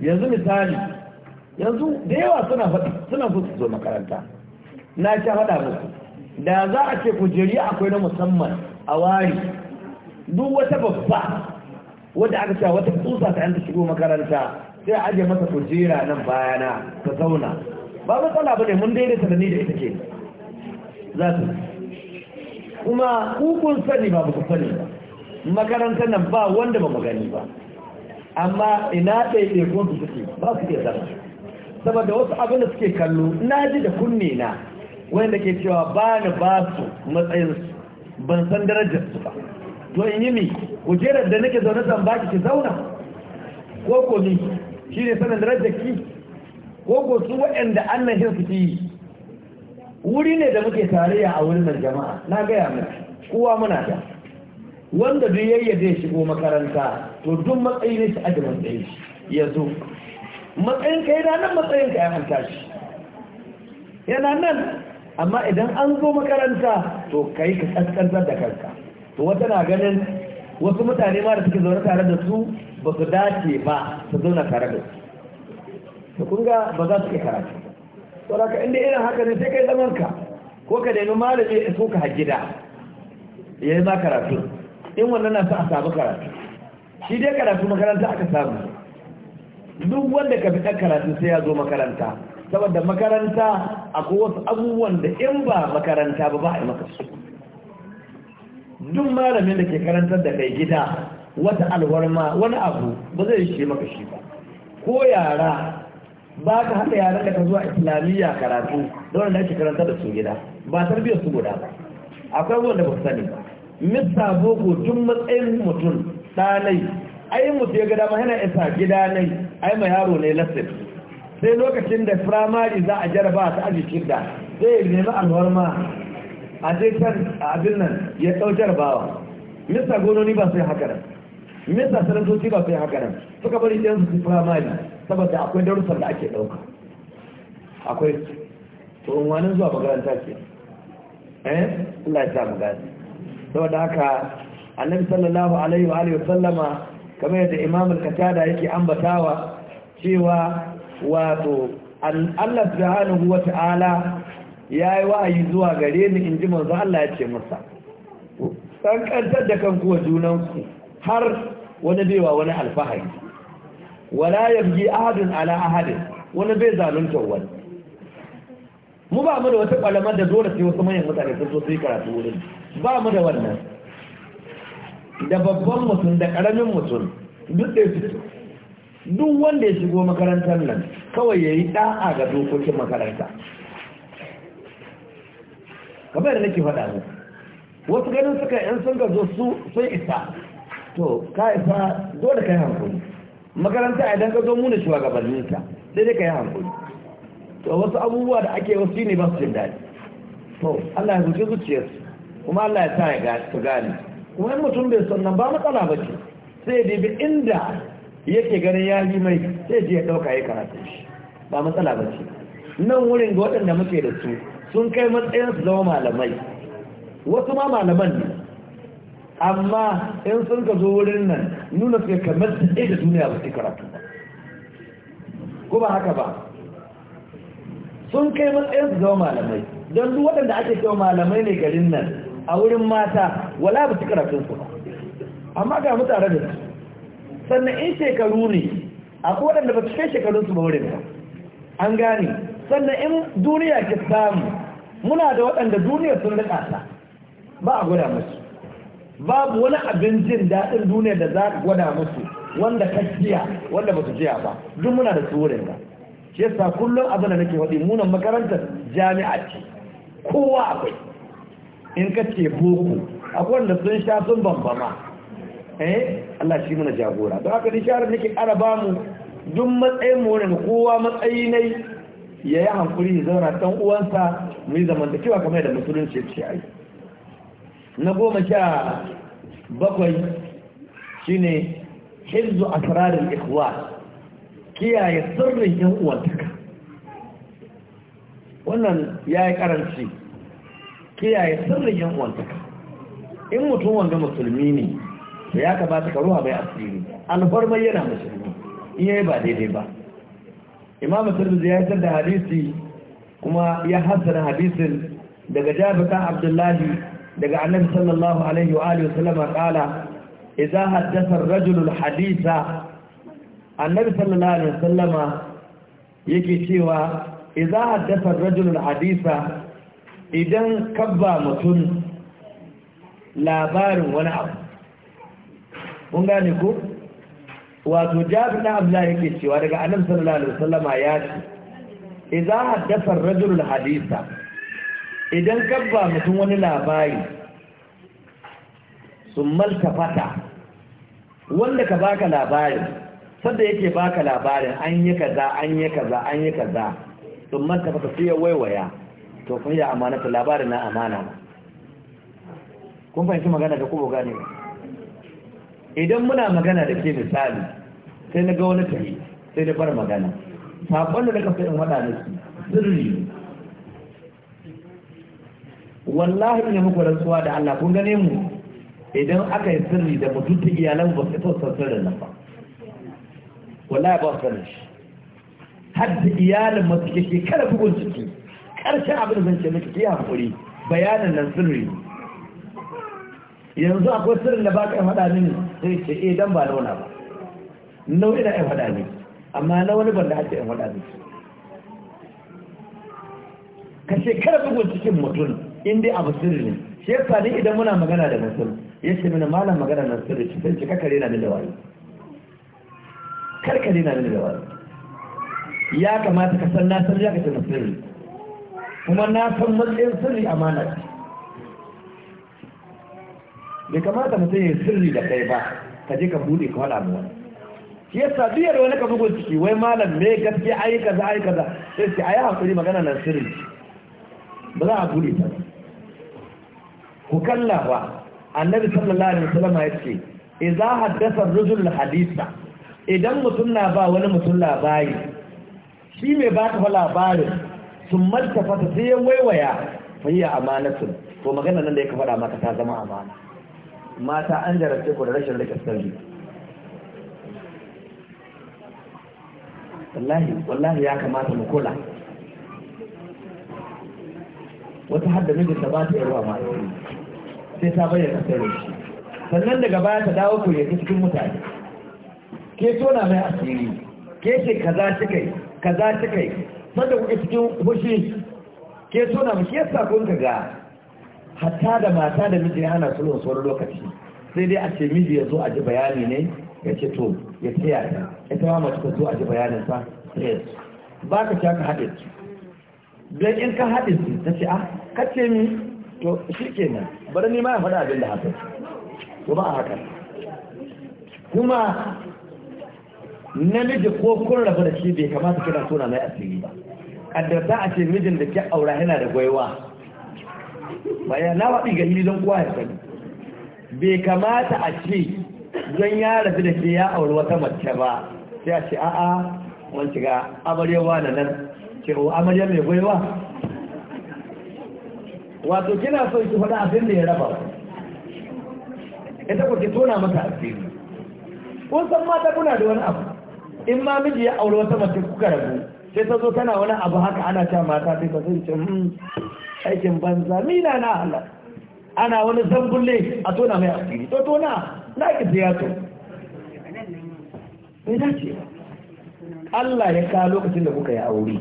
yanzu misali yanzu da yawa suna faɗi suna so su zo makaranta na sha faɗa musu da za a ce kujeri akwai na musamman a wari duk wata babba wadda aka cewa wata kusa ta yanta shigo makaranta sai a ajiye masa kujera nan bayana ta zauna ba tsala ba ne mun daidaita da ni da ita ke za su kuma kukun sani ba ba ku sani ba makarantar nan ba wanda ba magani ba amma ina ɗaiɗaikun su suke ba su ke zama saboda wasu abin da suke kallo na ji da kunne na wanda ke cewa ba ni ba su matsayinsu ban san darajar su ba to in yi mi kujerar da nake zaune zan baki ki zauna ko ko ni shi ne sanin darajar ki ko ko su waɗanda annan shi su yi wuri ne da muke tarayya a wurin nan jama'a na gaya miki kowa muna da wanda duk yayya zai shigo makaranta to duk matsayi ne shi aji matsayi ya zo matsayin ka yana nan matsayin ka ya hanta shi yana nan amma idan an zo makaranta to kai ka kaskantar da kanka to wata na ganin wasu mutane ma da suke zaune tare da su ba su dace ba su zauna tare da su to kun ga ba za su iya karatu to da inda irin haka ne sai kai zaman ka ko ka nemi malami ya so ka hajjida gida ya yi ma karatu in wannan na sa a samu karatu shi dai karatu makaranta aka samu duk wanda ka fi ɗan karatu sai ya zo makaranta saboda makaranta akwai wasu abubuwan da in ba makaranta ba ba a yi maka su duk malamin da ke karantar da kai gida wata alwarma wani abu ba zai shi maka shi ba ko yara ba ka haɗa yara da ka zuwa islamiyya karatu da da ake karantar da su gida ba tarbiyyar su guda ba akwai abubuwan da ba sani mista boko tun matsayin mutum ɗanai ai mutu ya gada ma yana isa gida nai ai ma yaro ne lasif sai lokacin da firamari za a jaraba ta aji shidda zai nemi ma a jefan abin nan ya ɗau jarabawa mista gononi ba sai haka hakanan mista sanatoci ba sai haka hakanan suka bari ɗin su firamari saboda akwai darussan da ake ɗauka akwai tsohon zuwa makaranta ce eh Allah ya sa mu gani saboda haka annabi sallallahu alaihi wa alihi wa sallama kamar yadda imam al-katada yake ambatawa cewa wato Allah subhanahu wa ta'ala ya yi wa'ayi zuwa gare ni in ji manzo Allah ya ce masa kantar da kanku wa junanku har wani baiwa wani alfahari wala yabgi ahadun ala ahadin wani bai zalunta wani mu ba mu da wata kwalamar da dole sai wasu manyan mutane sun zo su yi karatu wurin ba mu da wannan da babban mutum da karamin mutum duk da fito duk wanda ya shigo makarantar nan kawai ya yi ɗa'a ga dokokin makaranta kamar da nake faɗa ne wasu ganin suka yan sun gazo su sun isa to ka isa dole ka yi hankali makaranta idan ka zo muna shugabanninta daidai ka yi hankali to wasu abubuwa da ake wasu ne ba su jin daɗi to Allah ya zuci zuciyarsu kuma Allah ya sa ya gane kuma in mutum bai son nan ba matsala ba ce sai dai dibi inda yake ganin ya yi mai sai ji ya dauka ya karatu shi ba matsala ba ce nan wurin ga waɗanda muke da su sun kai matsayin su zama malamai wasu ma malaman ne amma in sun ka zo wurin nan nuna su kamar su ɗaya da duniya ba su karatu ba ko ba haka ba sun kai matsayin su zama malamai don duk waɗanda ake cewa malamai ne garin nan a wurin mata wala ba su karatun su ba amma ga mutane da su sannan in shekaru ne akwai waɗanda ba su kai shekarunsu ba wurin ba an gane sannan in duniya ke samu muna da waɗanda duniya sun riƙa ta ba a gwada musu babu wani abin jin daɗin duniya da za a gwada musu wanda ka jiya wanda ba su jiya ba duk muna da su wurin ba shi yasa kullum abin da nake faɗi munan makarantar jami'a ce kowa akwai in ka ce boko akwai wanda sun sha sun bambama eh Allah shi mana jagora don haka nisharar nake araba ba mu duk matsayin mu wani kowa matsayi ne ya yi hankuri ya zauna ɗan uwansa mu yi cewa kamar yadda musulunci ce a yi na goma sha bakwai shine hibzu asrarin ikhwa kiyaye sirrin yan uwantaka wannan ya yi karanci kiyaye sirrin yan uwantaka in mutum wanda musulmi ne to ya kamata ka ruwa mai asiri alfarmar yana musulmi iya yayi ba daidai ba imam tirmidhi ya yi da hadisi kuma ya hassana hadisin daga jabir abdullahi daga annabi sallallahu alaihi wa alihi wasallam qala idza haddatha ar-rajul al-haditha annabi sallallahu alaihi wasallama yake cewa idza haddatha ar-rajul al-haditha idan kabba mutum labarin wani abu kun gane ko wato jabi na abdullah yake cewa daga annabi sallallahu alaihi wasallama ya ce idza haddatha rajulul hadisa al idan kabba mutum wani labari sun tafata wanda ka baka labarin sadda yake baka labarin an yi kaza an yi kaza an yi kaza sun tafata sai ya waiwaya to kun yi amana labarin na amana kun fahimci magana da kuma gane ba idan muna magana da ke misali sai na ga wani tafi sai da bar magana saƙon da na kafa in waɗa da su sirri ne wallahi ne muku rasuwa da Allah kun gane mu idan aka yi sirri da mutum ta iyalan ba su tausa sirrin nan ba wallahi ba su rashi har da iyalin masu keke kada bugun ciki, ƙarshen abin da zan ce miki ki hakuri bayanin nan sirri yanzu akwai sirrin da ba ka hada mini sai ce eh dan ba launa ba nau'i da ya faɗa ne amma na wani banda ake ya faɗa ne ka shekara bugun cikin mutum inda abu sirri ne shi yasa ne idan muna magana da mutum ya ce mini malam magana sirri ci sai cika kare na ni da wayo karkare na ni da wani ya kamata ka san na san ya kace nasiru kuma na san matsayin sirri amana ce bai kamata mutum ya sirri da kai ba ka je ka bude ka faɗa mu wani yasa duk yadda wani ka bugun ciki wai malam me gaske ayi kaza ayi kaza sai ce ayi hakuri magana nan sirri ba za a bude ta ba ku kallawa annabi sallallahu alaihi wasallam ya ce idza haddatha ar-rajul haditha idan mutum na ba wani mutum labari shi mai ba ta labarin sun malta fata sai ya waiwaya fayya amanatun to magana nan da ya ka faɗa maka ta zama amana mata an jarabce ku da rashin rike sirri wallahi wallahi ya kamata mu kula wata hadda mijinta ba ta yarwa ma sai ta bayyana sirri sannan daga baya ta dawo ku yanzu cikin mutane ke tona mai asiri ke ce kaza kika kaza kika sanda kuke cikin hushi ke tona mu ke sa kun ka ga hatta da mata da miji ana sulhun sauran lokaci sai dai a ce miji ya zo a ji bayani ne ya ce to ya tsaya ta ita ma mace ta zo a ji bayanin sa sai ba ka sha ka haɗe su don in ka haɗe su ta ce ah ka ce mi to shi nan bari ni ma ya faɗa abin da haka to ba a haka kuma namiji ko kun rabu da shi bai kamata kira suna mai asiri ba kaddarta a ce mijin da ke aura yana da gwaiwa bayan na waɗi ga ilizon kowa ya sani bai kamata a ce don ya rafi da ke ya auri wata mace ba sai a ce a'a wani shiga amaryawa na nan ce o amarya mai gwaiwa wato kina so ki faɗa abin da ya raba ita ku ki tona mata asiri kun san mata kuna da wani abu in ma miji ya auri wata mace kuka rabu sai ta zo tana wani abu haka ana cewa mata sai ta zo ce hmm, aikin banza mina na halar ana wani zambulle a tona mai asiri to tona na ki ziyato mai dace Allah ya ka lokacin da kuka yi aure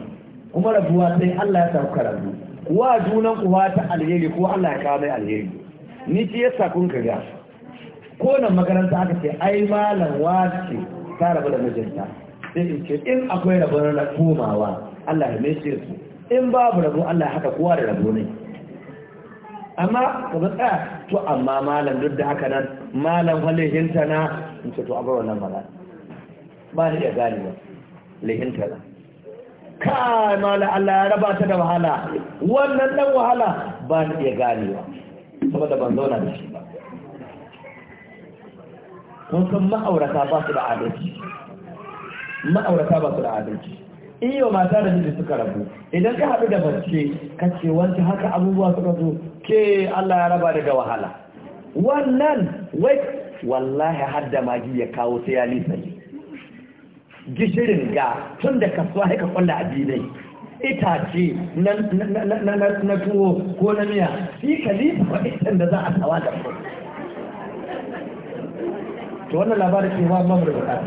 kuma rabuwa sai Allah ya sa kuka rabu wa junan ku ta alheri ko Allah ya kawo mai alheri ni ce yasa kun kaga ko nan makaranta aka ce ai malam wace ta rabu da mijinta sai in ce in akwai rabon komawa Allah ya mai su in babu rabu Allah haka kowa da rabu ne amma ka ba tsaya to amma malam duk da haka nan malam halihinta na in ce to abawa nan magana ba ni iya gane ba lihinta na kai malam Allah ya raba ta da wahala wannan dan wahala ba ni iya gane ba saboda ban zauna da shi ba kun san ma'aurata ba su da adalci ma'aurata ba su da adalci iyo mata da miji suka rabu idan ka haɗu da mace ka ce wancan haka abubuwa suka zo ke Allah ya raba daga wahala wannan wai wallahi hadda magi ya kawo sai ya nisa lisaye gishirin ga tun da kasuwa haika kwalla addinai itace na tuwo ko na miya shi ka lisaye da za a tawa da ku to wannan labarin ke ma mamurka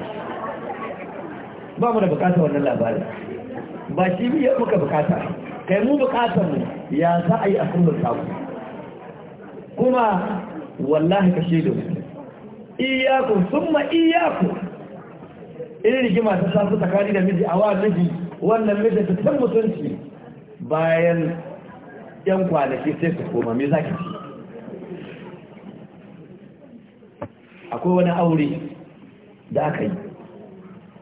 ba mu da bukatar wannan labarin ba shi biya muka bukata kai mu bukatar mu ya za a yi a kullum samu kuma wallahi ka shi iyaku summa iyaku in rigima ta samu tsakani da miji a wa miji wannan miji ta san mutunci bayan yan kwanaki sai ka koma mai zaki akwai wani aure da aka yi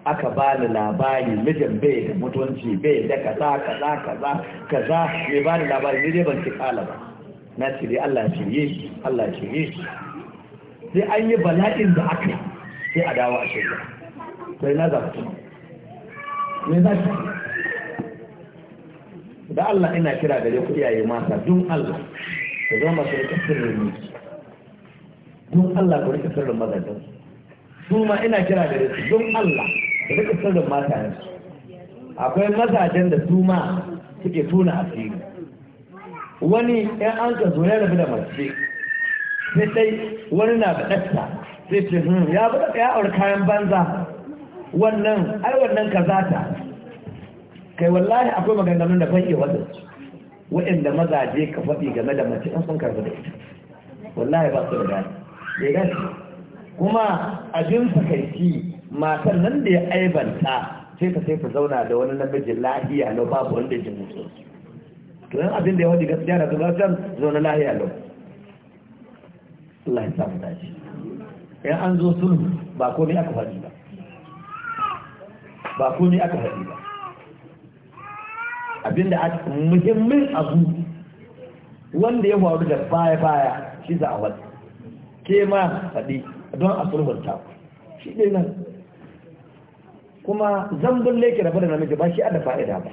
aka ba da labari mijin bai da mutunci bai da kaza kaza kaza kaza mai ba da labari ne dai ban ci kala ba na ce dai Allah shirye Allah shirye sai an yi bala'in da aka sai a dawo a shirya sai na zafi me za ki da Allah ina kira gare ku iyaye mata dun Allah ku zama masu rika sirrin don Allah ku rika sirrin mazajen su ma ina kira da su don Allah da duka sirrin mata akwai mazajen da su ma suke tuna asiri wani ɗan an ka zo ya rabu da mace sai dai wani na da baɗatta sai ce hmm, ya baɗa ya aure kayan banza wannan ai wannan kazata kai wallahi akwai maganganun da ban iya wadansu waɗanda mazaje ka faɗi game da mace in sun karbi da ita wallahi ba su da gani bai gani kuma abin sakaici matar nan da ya aibanta sai ka sai ka zauna da wani namijin lahiya na babu wanda ya mutu to yan abin da ya wadi gaskiya da zuwa can zauna lahiya lau Allah ya samu dace yan an zo sulhu ba komai aka faɗi ba ba komai aka faɗi ba abinda aka muhimmin abu wanda ya faru da baya-baya shi za a wani, ke ma faɗi don a sulhunta shi dai nan kuma zambin leke rabu da namiji ba shi da fa'ida ba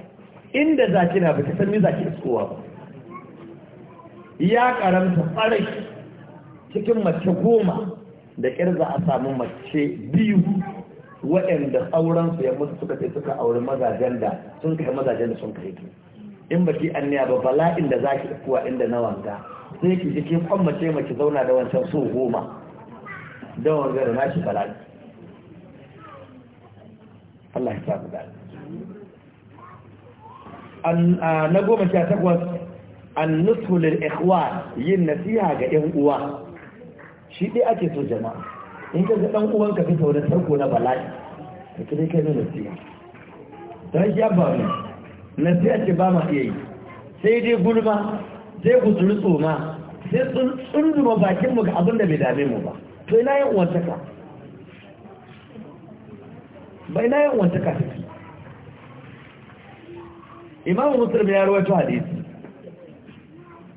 inda zaki na ba ta san zaki iskowa ba ya karanta farai cikin mace goma da ƙyar a samu mace biyu waɗanda aurensu ya mutu suka sai suka auri mazajen da sun kai mazajen da sun kai in baki anniya ba bala inda zaki iskowa inda na wanga sai ki ji kwan mace mace zauna da wancan so goma don wanga da nashi bala'i Allah ya sabu da na goma sha takwas an nusulul ikhwa yin nasiha ga yan uwa shi dai ake so jama'a in ka ga dan uwan ka fito da sarko na bala'i ka kire kai na nasiha dan shi abba ne nasiha ce ba ma iya yi sai dai gulma sai gutsuru tsoma sai tsun tsunduma bakin mu ga abin da bai dame mu ba to ina yin wantaka ba ina yin wantaka take imamu Musulmi ya rawaito hadisi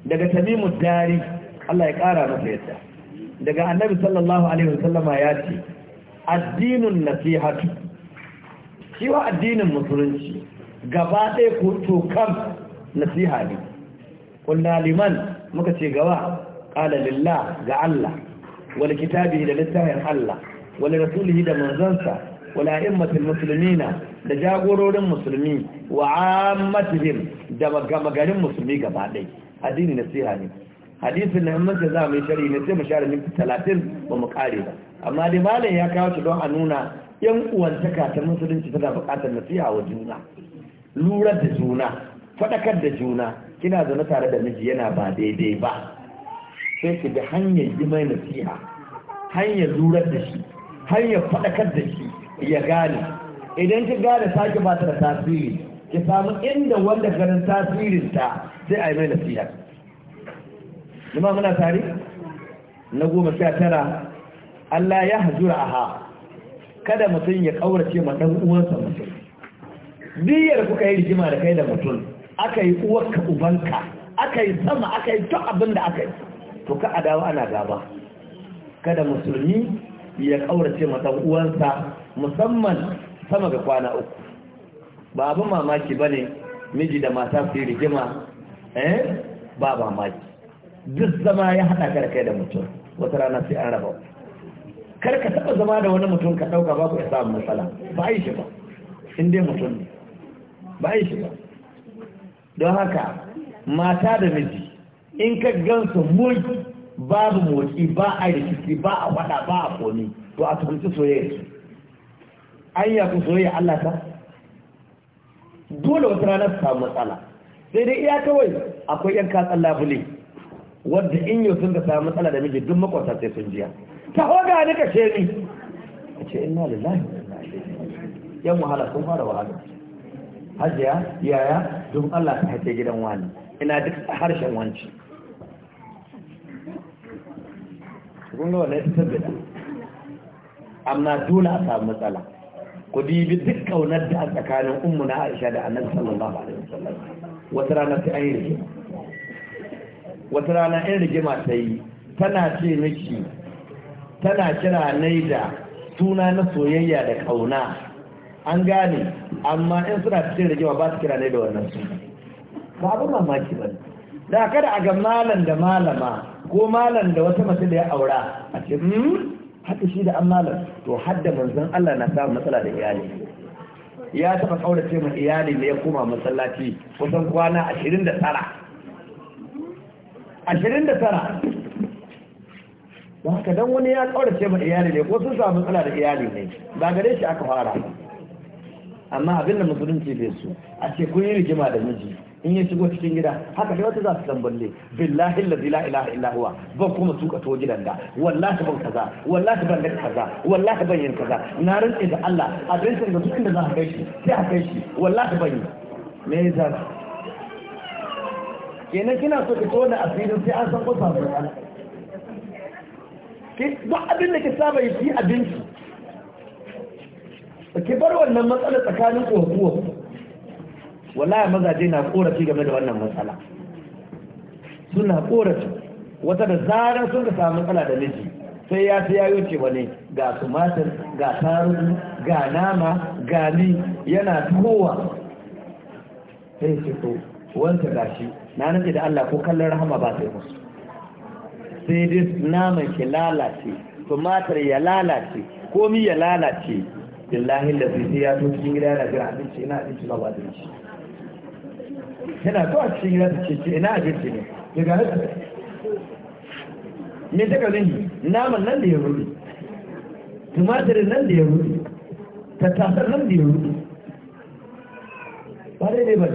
daga tamimu dari Allah ya kara masa yadda daga annabi sallallahu alaihi wasallama ya ce addinin nasihatu shi wa addinin musulunci gaba ɗaya ko tokan nasiha ne kullu liman muka ce gawa qala ga Allah Wani kitabi da littafin Allah wani rasulihi da manzansa wal a'immatul muslimina da jagororin musulmi wa ammatihim da magarin musulmi gaba ɗaya addini siya ne hadisin na mun za mu shari ne sai mu share minti 30 ba mu kare ba amma dai malam ya kawo shi don a nuna yan uwantaka ta musulunci tana buƙatar nasiha wa juna lura da juna faɗakar da juna kina zaune tare da miji yana ba daidai ba sai ki ga hanyar yi mai nasiha hanyar durar da shi hanyar faɗakar da shi ya gane idan ki gane sake ba ta da tasiri ki samu inda wanda ganin tasirinta sai a yi mai nasiha jima muna tare na goma sha tara Allah ya hajura aha kada mutum ya kaurace ma dan uwansa mutum biyar kuka yi rigima da kai da mutum aka yi uwarka ubanka aka yi sama aka yi duk abin da aka yi to ka a dawo ana gaba kada musulmi ya kaurace ma uwansa musamman sama ga kwana uku ba abin mamaki ba ne miji da mata su yi rigima eh ba mamaki duk zama ya haɗa ka kai da mutum wata rana sai an raba kar ka taɓa zama da wani mutum ka ɗauka ba ku ya samu matsala ba yi shi ba in dai mutum ne ba yi shi ba don haka mata da miji in ka gansu mun babu motsi ba a rikici ba a wada ba a komi to a tukunci soyayya su an yi ku soyayya Allah ta dole wata rana su matsala sai dai iya kawai akwai yan katsan labule wadda in yau sun ka samu matsala da miji duk makwasa sai sun jiya ta hoga ni ka ce ni a ce ina lahi yan wahala sun fara wahala hajiya yaya don Allah ta haife gidan wani ina duk harshen wancin. Kunga ga ita bida amma dole a samu matsala ku dibi duk kaunar da a tsakanin ummu na Aisha da Annabi sallallahu alaihi wasallam wata rana sai an yi rigima wata rana in rigima ta yi tana ce miki tana kira da suna na soyayya da kauna an gane amma in suna cikin rigima ba su kira da wannan suna ba abin mamaki ba da kada a ga malam da malama ko malam da wata mace da ya aura a ce hmm, haɗa shi da an malam to hadda manzon Allah na samun matsala da iyali ya taɓa ƙaurace mai iyali da ya koma masallaci kusan kwana ashirin da tara ashirin da tara ba ka don wani ya ƙaurace mai iyali ne ko sun samu matsala da iyali ne ba gare shi aka fara amma abin da musulunci bai so a ce kun yi rigima da miji in ya shigo cikin gida haka sai wata za su tamballe billahi allazi la ilaha illa huwa ban kuma tuka to gidan da wallahi ban kaza wallahi ban daga kaza wallahi ban yin kaza na rantsa da Allah adresin da duk inda za ka kai shi sai a kai shi wallahi ban yi me yasa kenan kina so ki tona asirin sai an san ko sabon Allah ki ba abin da ki saba yi abinci ki bar wannan matsalar tsakanin ku wallahi mazaje na korafi game da wannan matsala suna korafi wata da zarar sun ka samu matsala da miji sai ya ta yayo ce wani ga tumatir ga tarugu ga nama ga ni yana tuhowa sai ce to wanta gashi na nufi da Allah ko kallon rahama ba sai musu sai dai naman ke lalace tumatir ya lalace komi ya lalace billahi lafi sai ya to cikin gida yana jira abinci ina abinci ba shi yana zuwa cikin gida ta ce ina abinci ne daga su. ne ta kalin naman nan da ya rudi tumatirin nan da ya rufe tattasar nan da ya rudi ba dai ba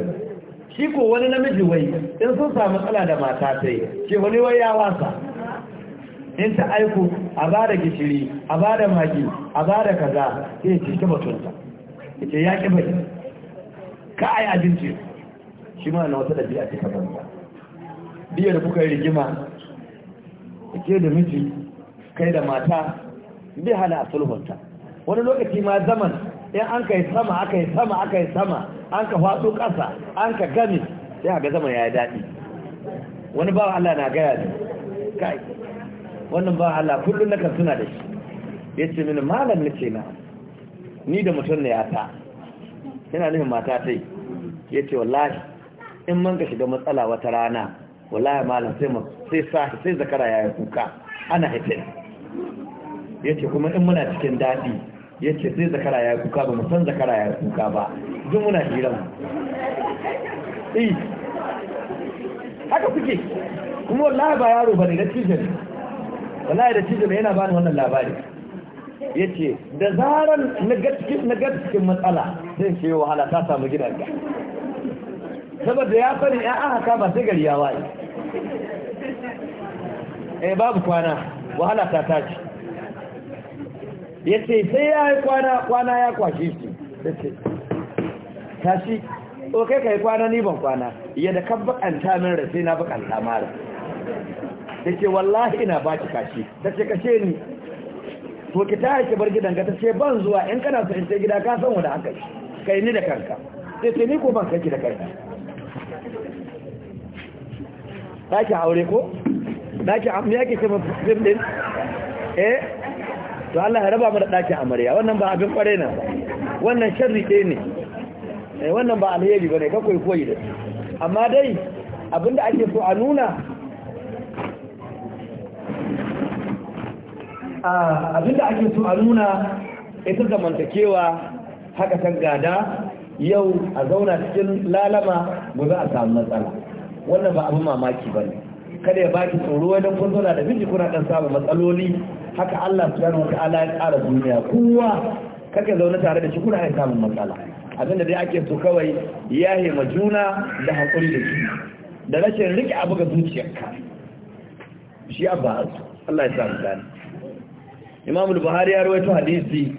shi ko wani namiji wai in sun samu matsala da mata ta yi ce wani wai ya wasa in ta aiko a ba da gishiri a ba da magi a ba da kaza sai ce ta batunta ya ce ya ƙi bai ka a yi abinci shi ma na wata ɗabi'a ce ka banza biyar da kuka yi rigima ke da miji kai da mata bi hana a sulhunta wani lokaci ma zaman in an kai sama aka yi sama aka yi sama an ka faɗo ƙasa an ka gami sai haka zaman ya yi daɗi wani bawa Allah na gaya ne kai wannan bawa Allah kullum nakan suna da shi ya ce mini malam na ce na ni da mutum na yata yana nufin mata ta yi ya ce wallahi in man ka shiga matsala wata rana wallahi malam sai mu sai sa sai zakara yayin kuka ana haife yace kuma in muna cikin dadi yace sai zakara yayin kuka ba mu san zakara yayin kuka ba duk muna hira mu eh haka kuke kuma wallahi ba yaro bane da tijin wallahi da tijin yana bani wannan labari yace da zaran na ga cikin matsala zan ke wahala ta samu gidanka saboda ya sani ya aka kama sai gari ya waye eh babu kwana wahala ta tashi ya ce sai ya yi kwana kwana ya kwashe shi yace ce tashi o kai ka yi kwana ni ban kwana ya da an ta min da sai na bakanta mara yace ce wallahi ina ba ki kashi ta ce kashe ni to ki ta haike bar gidanka ta ce ban zuwa in kana so in ce gida ka san wanda aka yi kai ni da kanka sai ce ni ko ban kanki da kanka daki aure ko daki amma yake ce fim din eh to Allah ya raba mu da daki amarya wannan ba abin kware na wannan sharri ɗaya ne eh wannan ba alheri bane ka koyi yi da amma dai abinda ake so a nuna abinda ake so a nuna ita zamantakewa haka kan gada yau a zauna cikin lalama za a samu matsala wannan ba abin mamaki ba ne kada ya baki tsoro wajen kun zauna da miji kuna ɗan samun matsaloli haka Allah subhanahu ala ya tsara duniya kowa kake zaune tare da shi kuna ya samun matsala abinda dai ake so kawai yahe ma juna da haƙuri da shi da rashin rike abu ga zuciyarka shi abba Allah ya sa mu gani Imam al-Buhari ya rawaito hadisi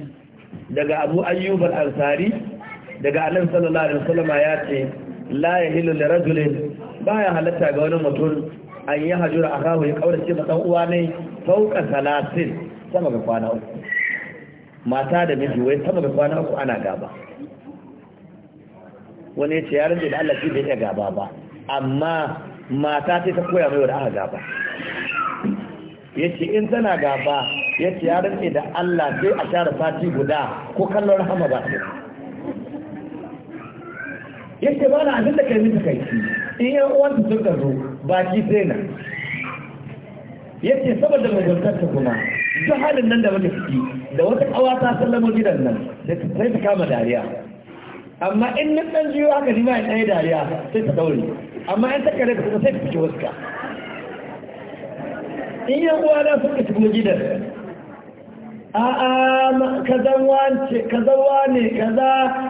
daga Abu Ayyub al-Ansari daga Annabi sallallahu alaihi wasallam ya ce la yahilu lirajulin baya halatta ga wani mutum an yi hajjura a kawo ya kawar ce dan uwa ne fauka talatin sama ga kwana uku mata da miji wai sama ga kwana uku ana gaba wani ya ce ya rinde da Allah shi bai iya gaba ba amma mata ce ta koya mai da aka gaba ya ce in tana gaba ya ce ya rinde da Allah sai a share sati guda ko kallon rahama ba ce ya ce ba na abin da kai mita kai in yan uwanta suka zo baki sai na yace saboda ta kuma duk halin nan da wani ciki da wata kawa ta sallama gidan nan sai ta kama dariya amma in na dan jiyo haka ni ma in ɗaya dariya sai ta daure amma in ta kare ta sai ta fice waska in yan sun suka shigo gidan a'a kaza wance kaza wane ha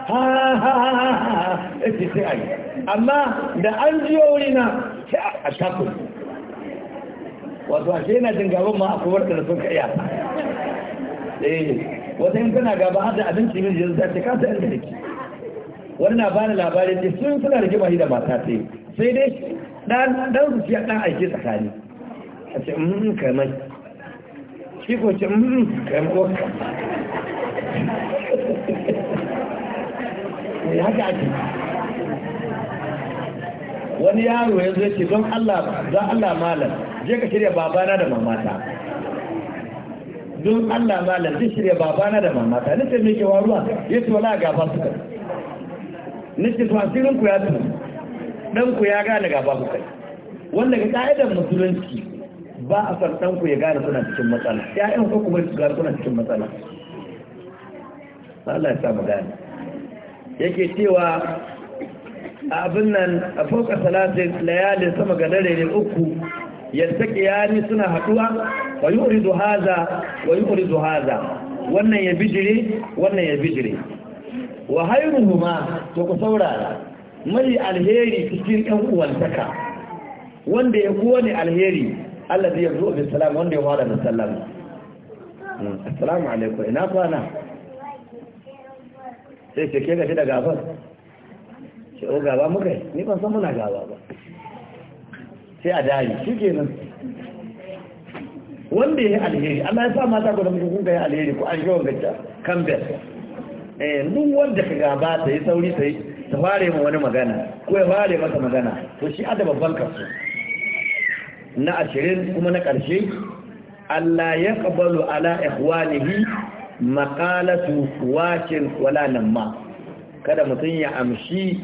ha ha ha ha ha ha ha ha ha ha amma da an jiyo wurina a taku. wato ashe yana jin gaban ma a kowar da sun kaya eh, wata yin tana gaba hada abinci min jirgin ta ce kasa yanzu da ke wani na bani labarin ce sun suna da gima da mata ta yi sai dai dan su fiye dan aiki tsakani a ce mm kamai shi ko ce mm kamai wakka ya eh, ake wani yaro ya zo ce don Allah za Allah malam je ka shirya babana da mamata don Allah malam je shirya babana da mamata nace sai meke waruwa yace wala gaba suka ce to asirin ku ya tun dan ku ya gane gaba ku kai wanda ga ka'idar musulunci ba a san dan ku ya gane suna cikin matsala ƴaƴan ku kuma su gane suna cikin matsala Allah ya sa mu gane yake cewa A abin nan a foka salatin layalin sama ga dare uku yadda kiyani suna haduwa wa yuridu haza wa yuridu haza wannan ya bijire wannan ya bijire wa hayruhuma to ku saurara mai alheri cikin ɗan uwantaka wanda ya kuwa ne alheri Allah zai yanzu bi salam wanda ya fara da sallama hmm, assalamu alaikum ina kwana sai ce ke gashi daga afar ce o oh, gaba muka yi ni ban san muna gaba ba sai a dari shi kenan wanda ya yi alheri Allah ya sa mata ku da mutum kun ga yi alheri ku an shawar kan kambel eh duk wanda ka gaba ta yi sauri ta yi ta fare ma wani magana ko ya fare masa magana to shi ada babban kaso na ashirin kuma na ƙarshe Allah ya kabalu ala ikhwanihi maqalatu washin wala namma kada mutum ya amshi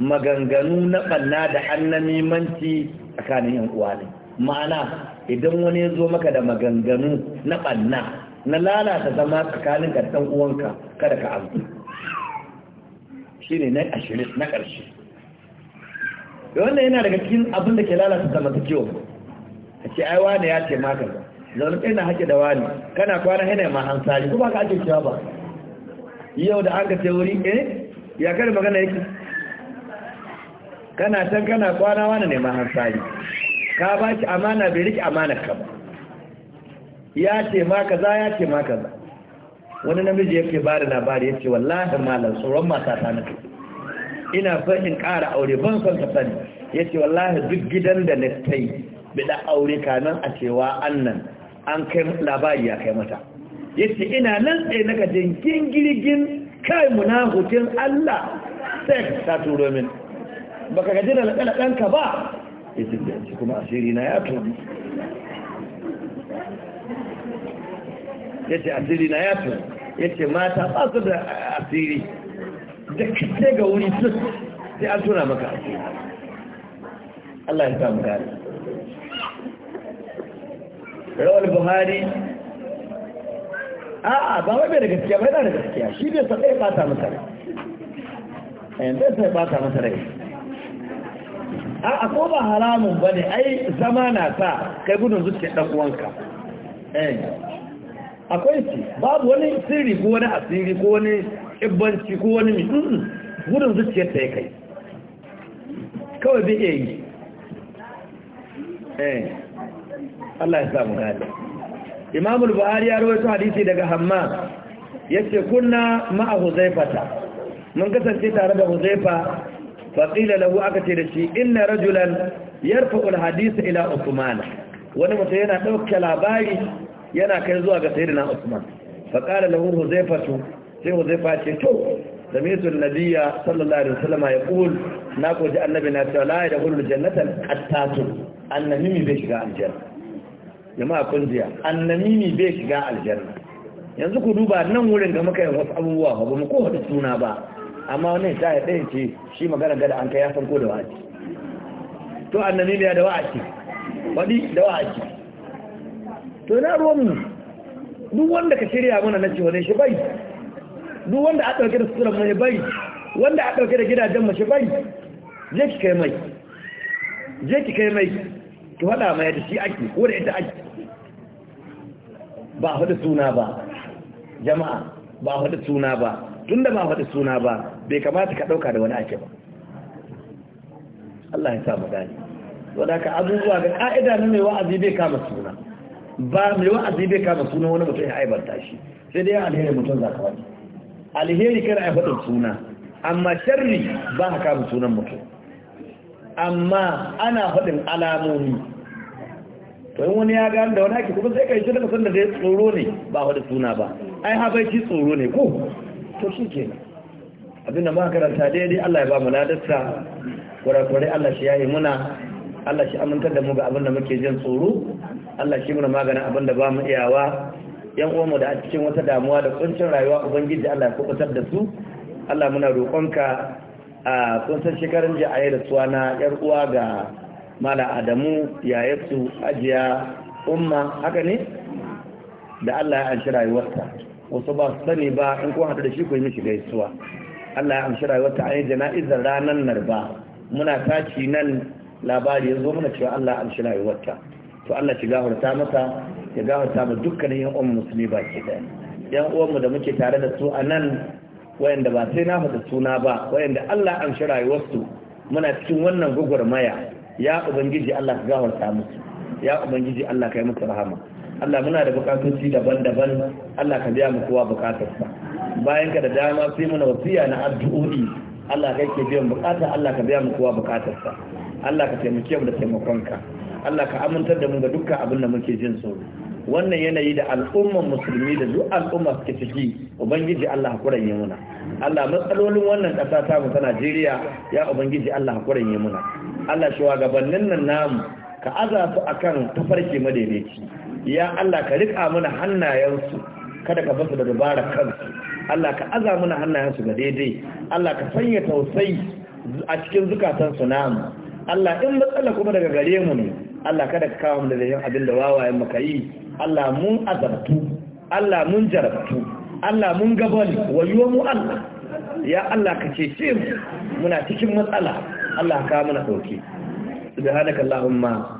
maganganu na ɓanna da annamimanci tsakanin yan uwane ma'ana idan wani ya zo maka da maganganu na ɓanna na lalata zama tsakanin ka ɗan uwanka kada ka amsa. shi ne na ashirin na ƙarshe wannan yana daga cikin abin da ke lalata zamantakewa a ce ai wane ya ce maka zaune kai na haƙe da wani kana kwana hana ma sari ko ba ka ake cewa ba yau da an ka ce wuri eh ya kada magana yake kana can kana kwana wani neman hansari ka ba shi amana bai riki amana ka ba ya ce ma kaza ya ce ma kaza wani namiji yake ba da labari ya ce wallahi malam tsoron matata na ina son ƙara aure ban son ka sani ya ce wallahi duk gidan da na tai bida aure kanan a cewa annan an kai labari ya kai mata ya ce ina nan tsaye na kajin gingirgin kai munahukin Allah sai ka turo min baka gaji da laɗe-laɗenka ba ya ce kuma asiri na ya tuni ya ce asiri na ya tuni ya ce mata ba su da asiri da kite ga wuri sun sai an tuna maka asiri Allah ya samu gari rawar buhari a'a ba wai bai da gaskiya bai da gaskiya shi bai sa ɗaya ɓata masa rai yanzu sai ɓata masa rai a ko ba haramun ba ne ai zama na sa kai gudun zuke ɗan uwanka eh, akwai ce babu wani sirri ko wani asiri ko wani ƙibbanci ko wani mutum gudun zuke ta ya kai kawai bi iya yi eh, Allah ya samu hali imamul buhari ya rawaito hadisi daga hamma ya ce kunna ma'a huzaifata mun kasance tare da huzaifa faƙila lahu aka ce da shi inna rajulan yarfa'ul hadisa ila usman wani mutum yana ɗauke labari yana kai zuwa ga sayyidina usman faƙala lahu huzaifatu sai huzaifa ce to سمعت النبي صلى الله عليه وسلم يقول ناكو جاء النبي ناتو لا يدخل الجنة القتات النميمي بيشغى الجنة جماعة كنزيا bai shiga الجنة yanzu ku duba nan wurin ga maka wasu abubuwa ba mu kowa da suna ba amma wani ta ya ɗaya ce shi magana gada an kai ya san ko da wa'aci to annabi ya da wa'aci faɗi da wa'aci to na ruwanmu duk wanda ka shirya mana na ce wani shi bai duk wanda a ɗauke da suturan mai bai wanda a ɗauke da gidajen mashi bai je ki kai mai je ki kai mai ki faɗa mai da shi ake ko da ita ake ba faɗi suna ba jama'a ba faɗi suna ba tun da ba faɗi suna ba bai kamata ka ɗauka da wani ake ba Allah ya sa mu gani wadda ka abubuwa ga ƙa'ida na mai wa'azi bai kama suna ba mai wa'azi bai kama suna wani mutum ya aibanta shi sai dai alheri mutum za ka wani alheri kana ya faɗin suna amma sharri ba ka kama sunan mutum amma ana faɗin alamomi to yin wani ya gani da wani ake kuma sai ka yi shi daga sanda da dai tsoro ne ba faɗi suna ba ai habaici tsoro ne ko to shi kenan abinda muka daidai Allah ya ba mu ladarsa kurakurai Allah shi yi muna Allah shi amintar da mu ga abin da muke jin tsoro Allah shi muna maganin abinda ba mu iyawa yan uwanmu da a cikin wata damuwa da kuncin rayuwa ubangiji Allah ya kubutar da su Allah muna roƙonka a kusan shekarun ji a yi rasuwa na yar uwa ga mala Adamu yayarsu ajiya umma haka ne da Allah ya anshi rayuwarsa wasu ba su sani ba in kun haɗu da shi ku yi mishi gaisuwa Allah ya amshi rayuwar ta ayi jana'izar ranar narba muna taci nan labari ya zo mana cewa Allah ya amshi rayuwar ta to Allah shi gafarta masa ya gafarta mu dukkanin yan uwan musulmi ke daya yan uwanmu da muke tare da su a nan wayanda ba sai na faɗa suna ba wayanda Allah ya amshi rayuwarsu muna cikin wannan gwagwarmaya ya ubangiji Allah ya gafarta musu ya ubangiji Allah ka yi musu rahama Allah muna da bukatoci daban-daban Allah ka biya mu kowa bukatarsa bayan ka da dama sai muna wasiya na addu'o'i Allah kai ke biyan bukata Allah ka biya mu kowa bukatarsa Allah ka taimake mu da taimakonka Allah ka amintar da mu ga dukkan abin da muke jin so wannan yanayi da al'umman musulmi da duk al'umma suke ciki ubangiji Allah hakuran ya muna Allah matsalolin wannan kasa ta mu ta Najeriya ya ubangiji Allah hakuran ya muna Allah gabanin nan namu ka aza su akan tafarki madaidaici ya Allah ka rika mana hannayensu kada ka basu da dubara kansu Allah ka aza mana hannayensu ga daidai Allah ka sanya tausayi a cikin zukatansu namu Allah in matsala kuma daga gare mu ne Allah kada ka kawo mu da yin abin da wawayen muka yi Allah mun azabtu Allah mun jarabtu Allah mun gabal wayo mu Allah ya Allah ka cece mu muna cikin matsala Allah ka kawo mana dauke subhanakallahumma